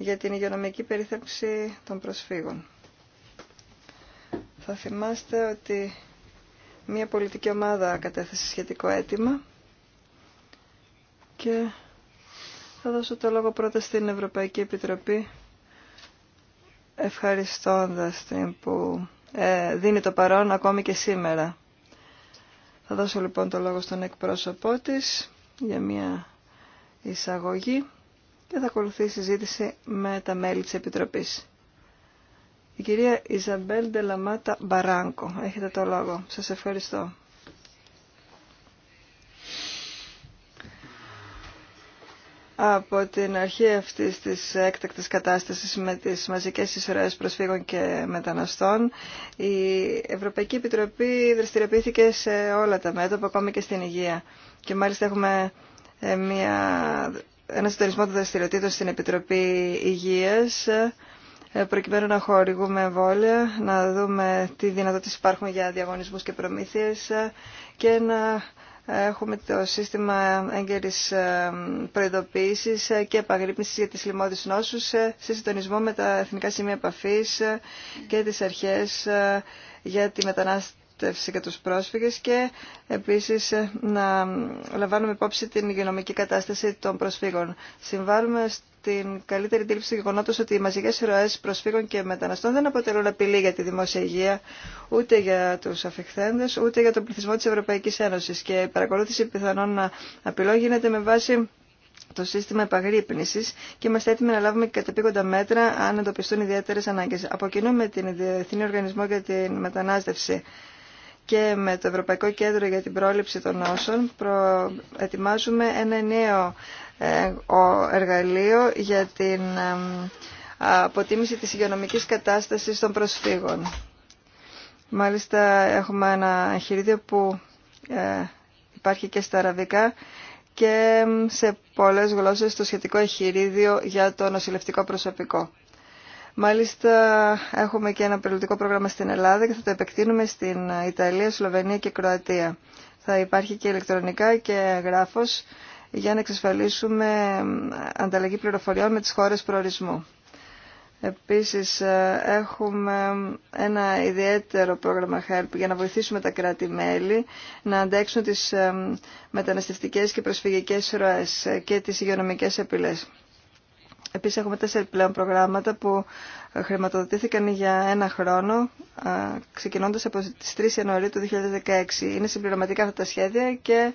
για την υγειονομική περιθέψη των προσφύγων. Θα θυμάστε ότι μια πολιτική ομάδα κατέθεσε σχετικό αίτημα και θα δώσω το λόγο πρώτα στην Ευρωπαϊκή Επιτροπή ευχαριστώντας την που ε, δίνει το παρόν ακόμη και σήμερα. Θα δώσω λοιπόν το λόγο στον εκπρόσωπό της για μια εισαγωγή και θα ακολουθεί η συζήτηση με τα μέλη της Επιτροπής. Η κυρία Ιζαμπέλ Ντελαμάτα Μπαράνκο. Έχετε το λόγο. Σας ευχαριστώ. Από την αρχή αυτής της έκτακτης κατάστασης με τις μαζικές εισορές προσφύγων και μεταναστών, η Ευρωπαϊκή Επιτροπή δραστηριοποιήθηκε σε όλα τα μέτωπα, ακόμη και στην υγεία. Και μάλιστα έχουμε ε, μια ένα συντονισμό των δραστηριοτήτων στην Επιτροπή Υγείας ε, προκειμένου να χορηγούμε εμβόλια, να δούμε τι δυνατότητες υπάρχουν για διαγωνισμούς και προμήθειες ε, και να έχουμε το σύστημα έγκαιρης ε, προειδοποίησης και επαγρύπνησης για τις λοιμώδεις νόσους σε συντονισμό με τα εθνικά σημεία επαφής και τις αρχές για τη μετανάστευση και τους πρόσφυγες και επίσης ε, να λαμβάνουμε υπόψη την υγειονομική κατάσταση των προσφύγων. Συμβάλλουμε στην καλύτερη τύλιψη του γεγονότο ότι οι μαζικέ ροές προσφύγων και μεταναστών δεν αποτελούν απειλή για τη δημόσια υγεία, ούτε για του αφιχθέντε, ούτε για τον πληθυσμό τη Ευρωπαϊκή Ένωση. Και η παρακολούθηση πιθανών απειλών γίνεται με βάση το σύστημα επαγρύπνηση και είμαστε έτοιμοι να λάβουμε και κατεπήγοντα μέτρα αν εντοπιστούν ιδιαίτερε ανάγκε. Από κοινού με την Διεθνή Οργανισμό για την Μετανάστευση και με το Ευρωπαϊκό Κέντρο για την Πρόληψη των Νόσων ετοιμάζουμε ένα νέο ε, εργαλείο για την αποτίμηση της υγειονομικής κατάστασης των προσφύγων. Μάλιστα έχουμε ένα εγχειρίδιο που ε, υπάρχει και στα αραβικά και σε πολλές γλώσσες το σχετικό εγχειρίδιο για το νοσηλευτικό προσωπικό. Μάλιστα έχουμε και ένα περιοδικό πρόγραμμα στην Ελλάδα και θα το επεκτείνουμε στην Ιταλία, Σλοβενία και Κροατία. Θα υπάρχει και ηλεκτρονικά και γράφος για να εξασφαλίσουμε ανταλλαγή πληροφοριών με τις χώρες προορισμού. Επίσης ε, έχουμε ένα ιδιαίτερο πρόγραμμα HELP για να βοηθήσουμε τα κράτη-μέλη να αντέξουν τις ε, μεταναστευτικές και προσφυγικές ροές και τις υγειονομικές επιλές. Επίσης έχουμε τέσσερα πλέον προγράμματα που χρηματοδοτήθηκαν για ένα χρόνο, ξεκινώντας από τις 3 Ιανουαρίου του 2016. Είναι συμπληρωματικά αυτά τα σχέδια και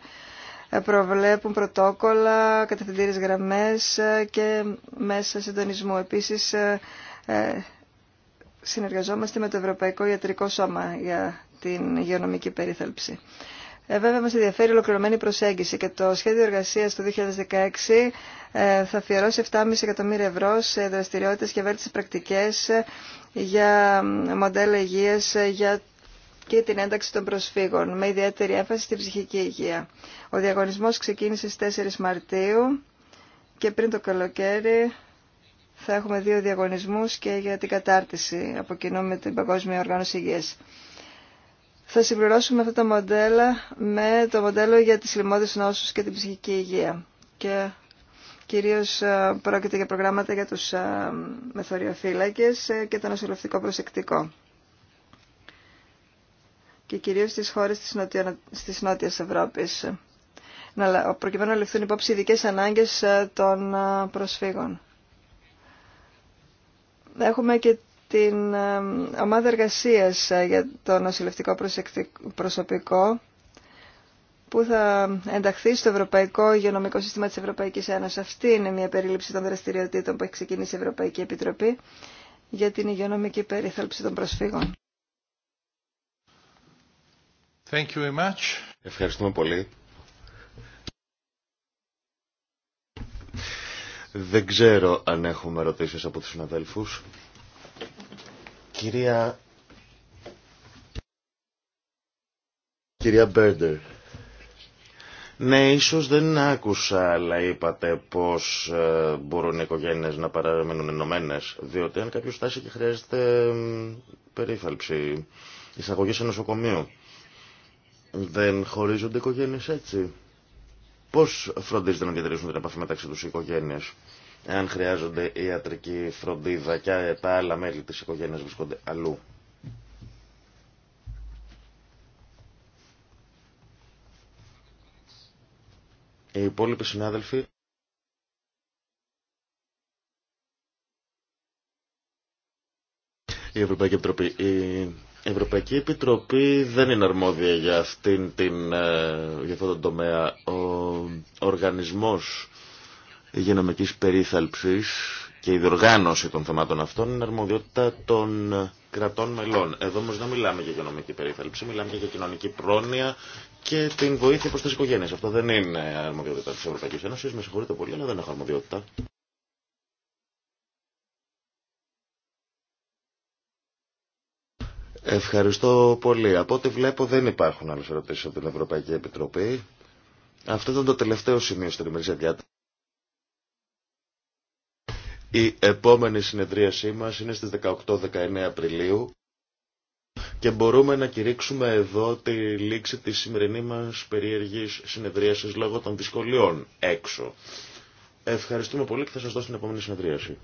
ε, προβλέπουν πρωτόκολλα, κατευθυντήριες γραμμές ε, και μέσα συντονισμού. Επίσης ε, συνεργαζόμαστε με το Ευρωπαϊκό Ιατρικό Σώμα για την υγειονομική περίθαλψη. Ε, βέβαια, μας ενδιαφέρει ολοκληρωμένη προσέγγιση και το σχέδιο εργασίας του 2016 ε, θα αφιερώσει 7,5 εκατομμύρια ευρώ σε δραστηριότητες και βέλτιστες πρακτικές για μοντέλα υγείας ε, για και την ένταξη των προσφύγων, με ιδιαίτερη έμφαση στην ψυχική υγεία. Ο διαγωνισμός ξεκίνησε στις 4 Μαρτίου και πριν το καλοκαίρι θα έχουμε δύο διαγωνισμούς και για την κατάρτιση από κοινού με την Παγκόσμια Οργάνωση Υγείας θα συμπληρώσουμε αυτά τα μοντέλα με το μοντέλο για τις λοιμώδεις νόσους και την ψυχική υγεία. Και κυρίως ε, πρόκειται για προγράμματα για τους ε, μεθοριοφύλακες ε, και το νοσηλευτικό προσεκτικό. Και κυρίως στις χώρες της, νότια, της Νότιας Ευρώπης. Να, προκειμένου να ληφθούν υπόψη ειδικέ ανάγκες των προσφύγων. Έχουμε και την ομάδα εργασίας ε, για το νοσηλευτικό προσωπικό που θα ενταχθεί στο Ευρωπαϊκό Υγειονομικό Σύστημα της Ευρωπαϊκής Ένωσης. Αυτή είναι μια περίληψη των δραστηριοτήτων που έχει ξεκινήσει η Ευρωπαϊκή Επιτροπή για την υγειονομική περίθαλψη των προσφύγων. Thank you very much. Ευχαριστούμε πολύ. Δεν ξέρω αν έχουμε ερωτήσεις από τους συναδέλφους. Κυρία... Κυρία Μπέρντερ. Ναι, ίσως δεν άκουσα, αλλά είπατε πώς ε, μπορούν οι οικογένειες να παραμένουν ενωμένε, διότι αν κάποιος στάσει και χρειάζεται περίφαλψη, εισαγωγή σε νοσοκομείο, δεν χωρίζονται οι οικογένειες έτσι. Πώς φροντίζετε να διατηρήσουν την επαφή μεταξύ τους οι οικογένειες εάν χρειάζονται ιατρική φροντίδα και τα άλλα μέλη της οικογένειας βρίσκονται αλλού. Οι υπόλοιποι συνάδελφοι Η Ευρωπαϊκή Επιτροπή. Η Ευρωπαϊκή Επιτροπή δεν είναι αρμόδια για, αυτήν την, ε, για αυτόν τον τομέα. Ο οργανισμός η υγειονομικής περίθαλψη και η διοργάνωση των θεμάτων αυτών είναι αρμοδιότητα των κρατών μελών. Εδώ όμω δεν μιλάμε για υγειονομική περίθαλψη, μιλάμε για κοινωνική πρόνοια και την βοήθεια προς τις οικογένειες. Αυτό δεν είναι αρμοδιότητα της Ευρωπαϊκής Ένωσης, με συγχωρείτε πολύ, αλλά δεν έχω αρμοδιότητα. Ευχαριστώ πολύ. Από ό,τι βλέπω δεν υπάρχουν άλλες ερωτήσεις από την Ευρωπαϊκή Επιτροπή. Αυτό ήταν το τελευταίο σημείο στην ημερήσια διάταξη. Η επόμενη συνεδρίασή μας είναι στις 18-19 Απριλίου και μπορούμε να κηρύξουμε εδώ τη λήξη της σημερινή μας περίεργης συνεδρίασης λόγω των δυσκολιών έξω. Ευχαριστούμε πολύ και θα σας δώσω την επόμενη συνεδρίαση.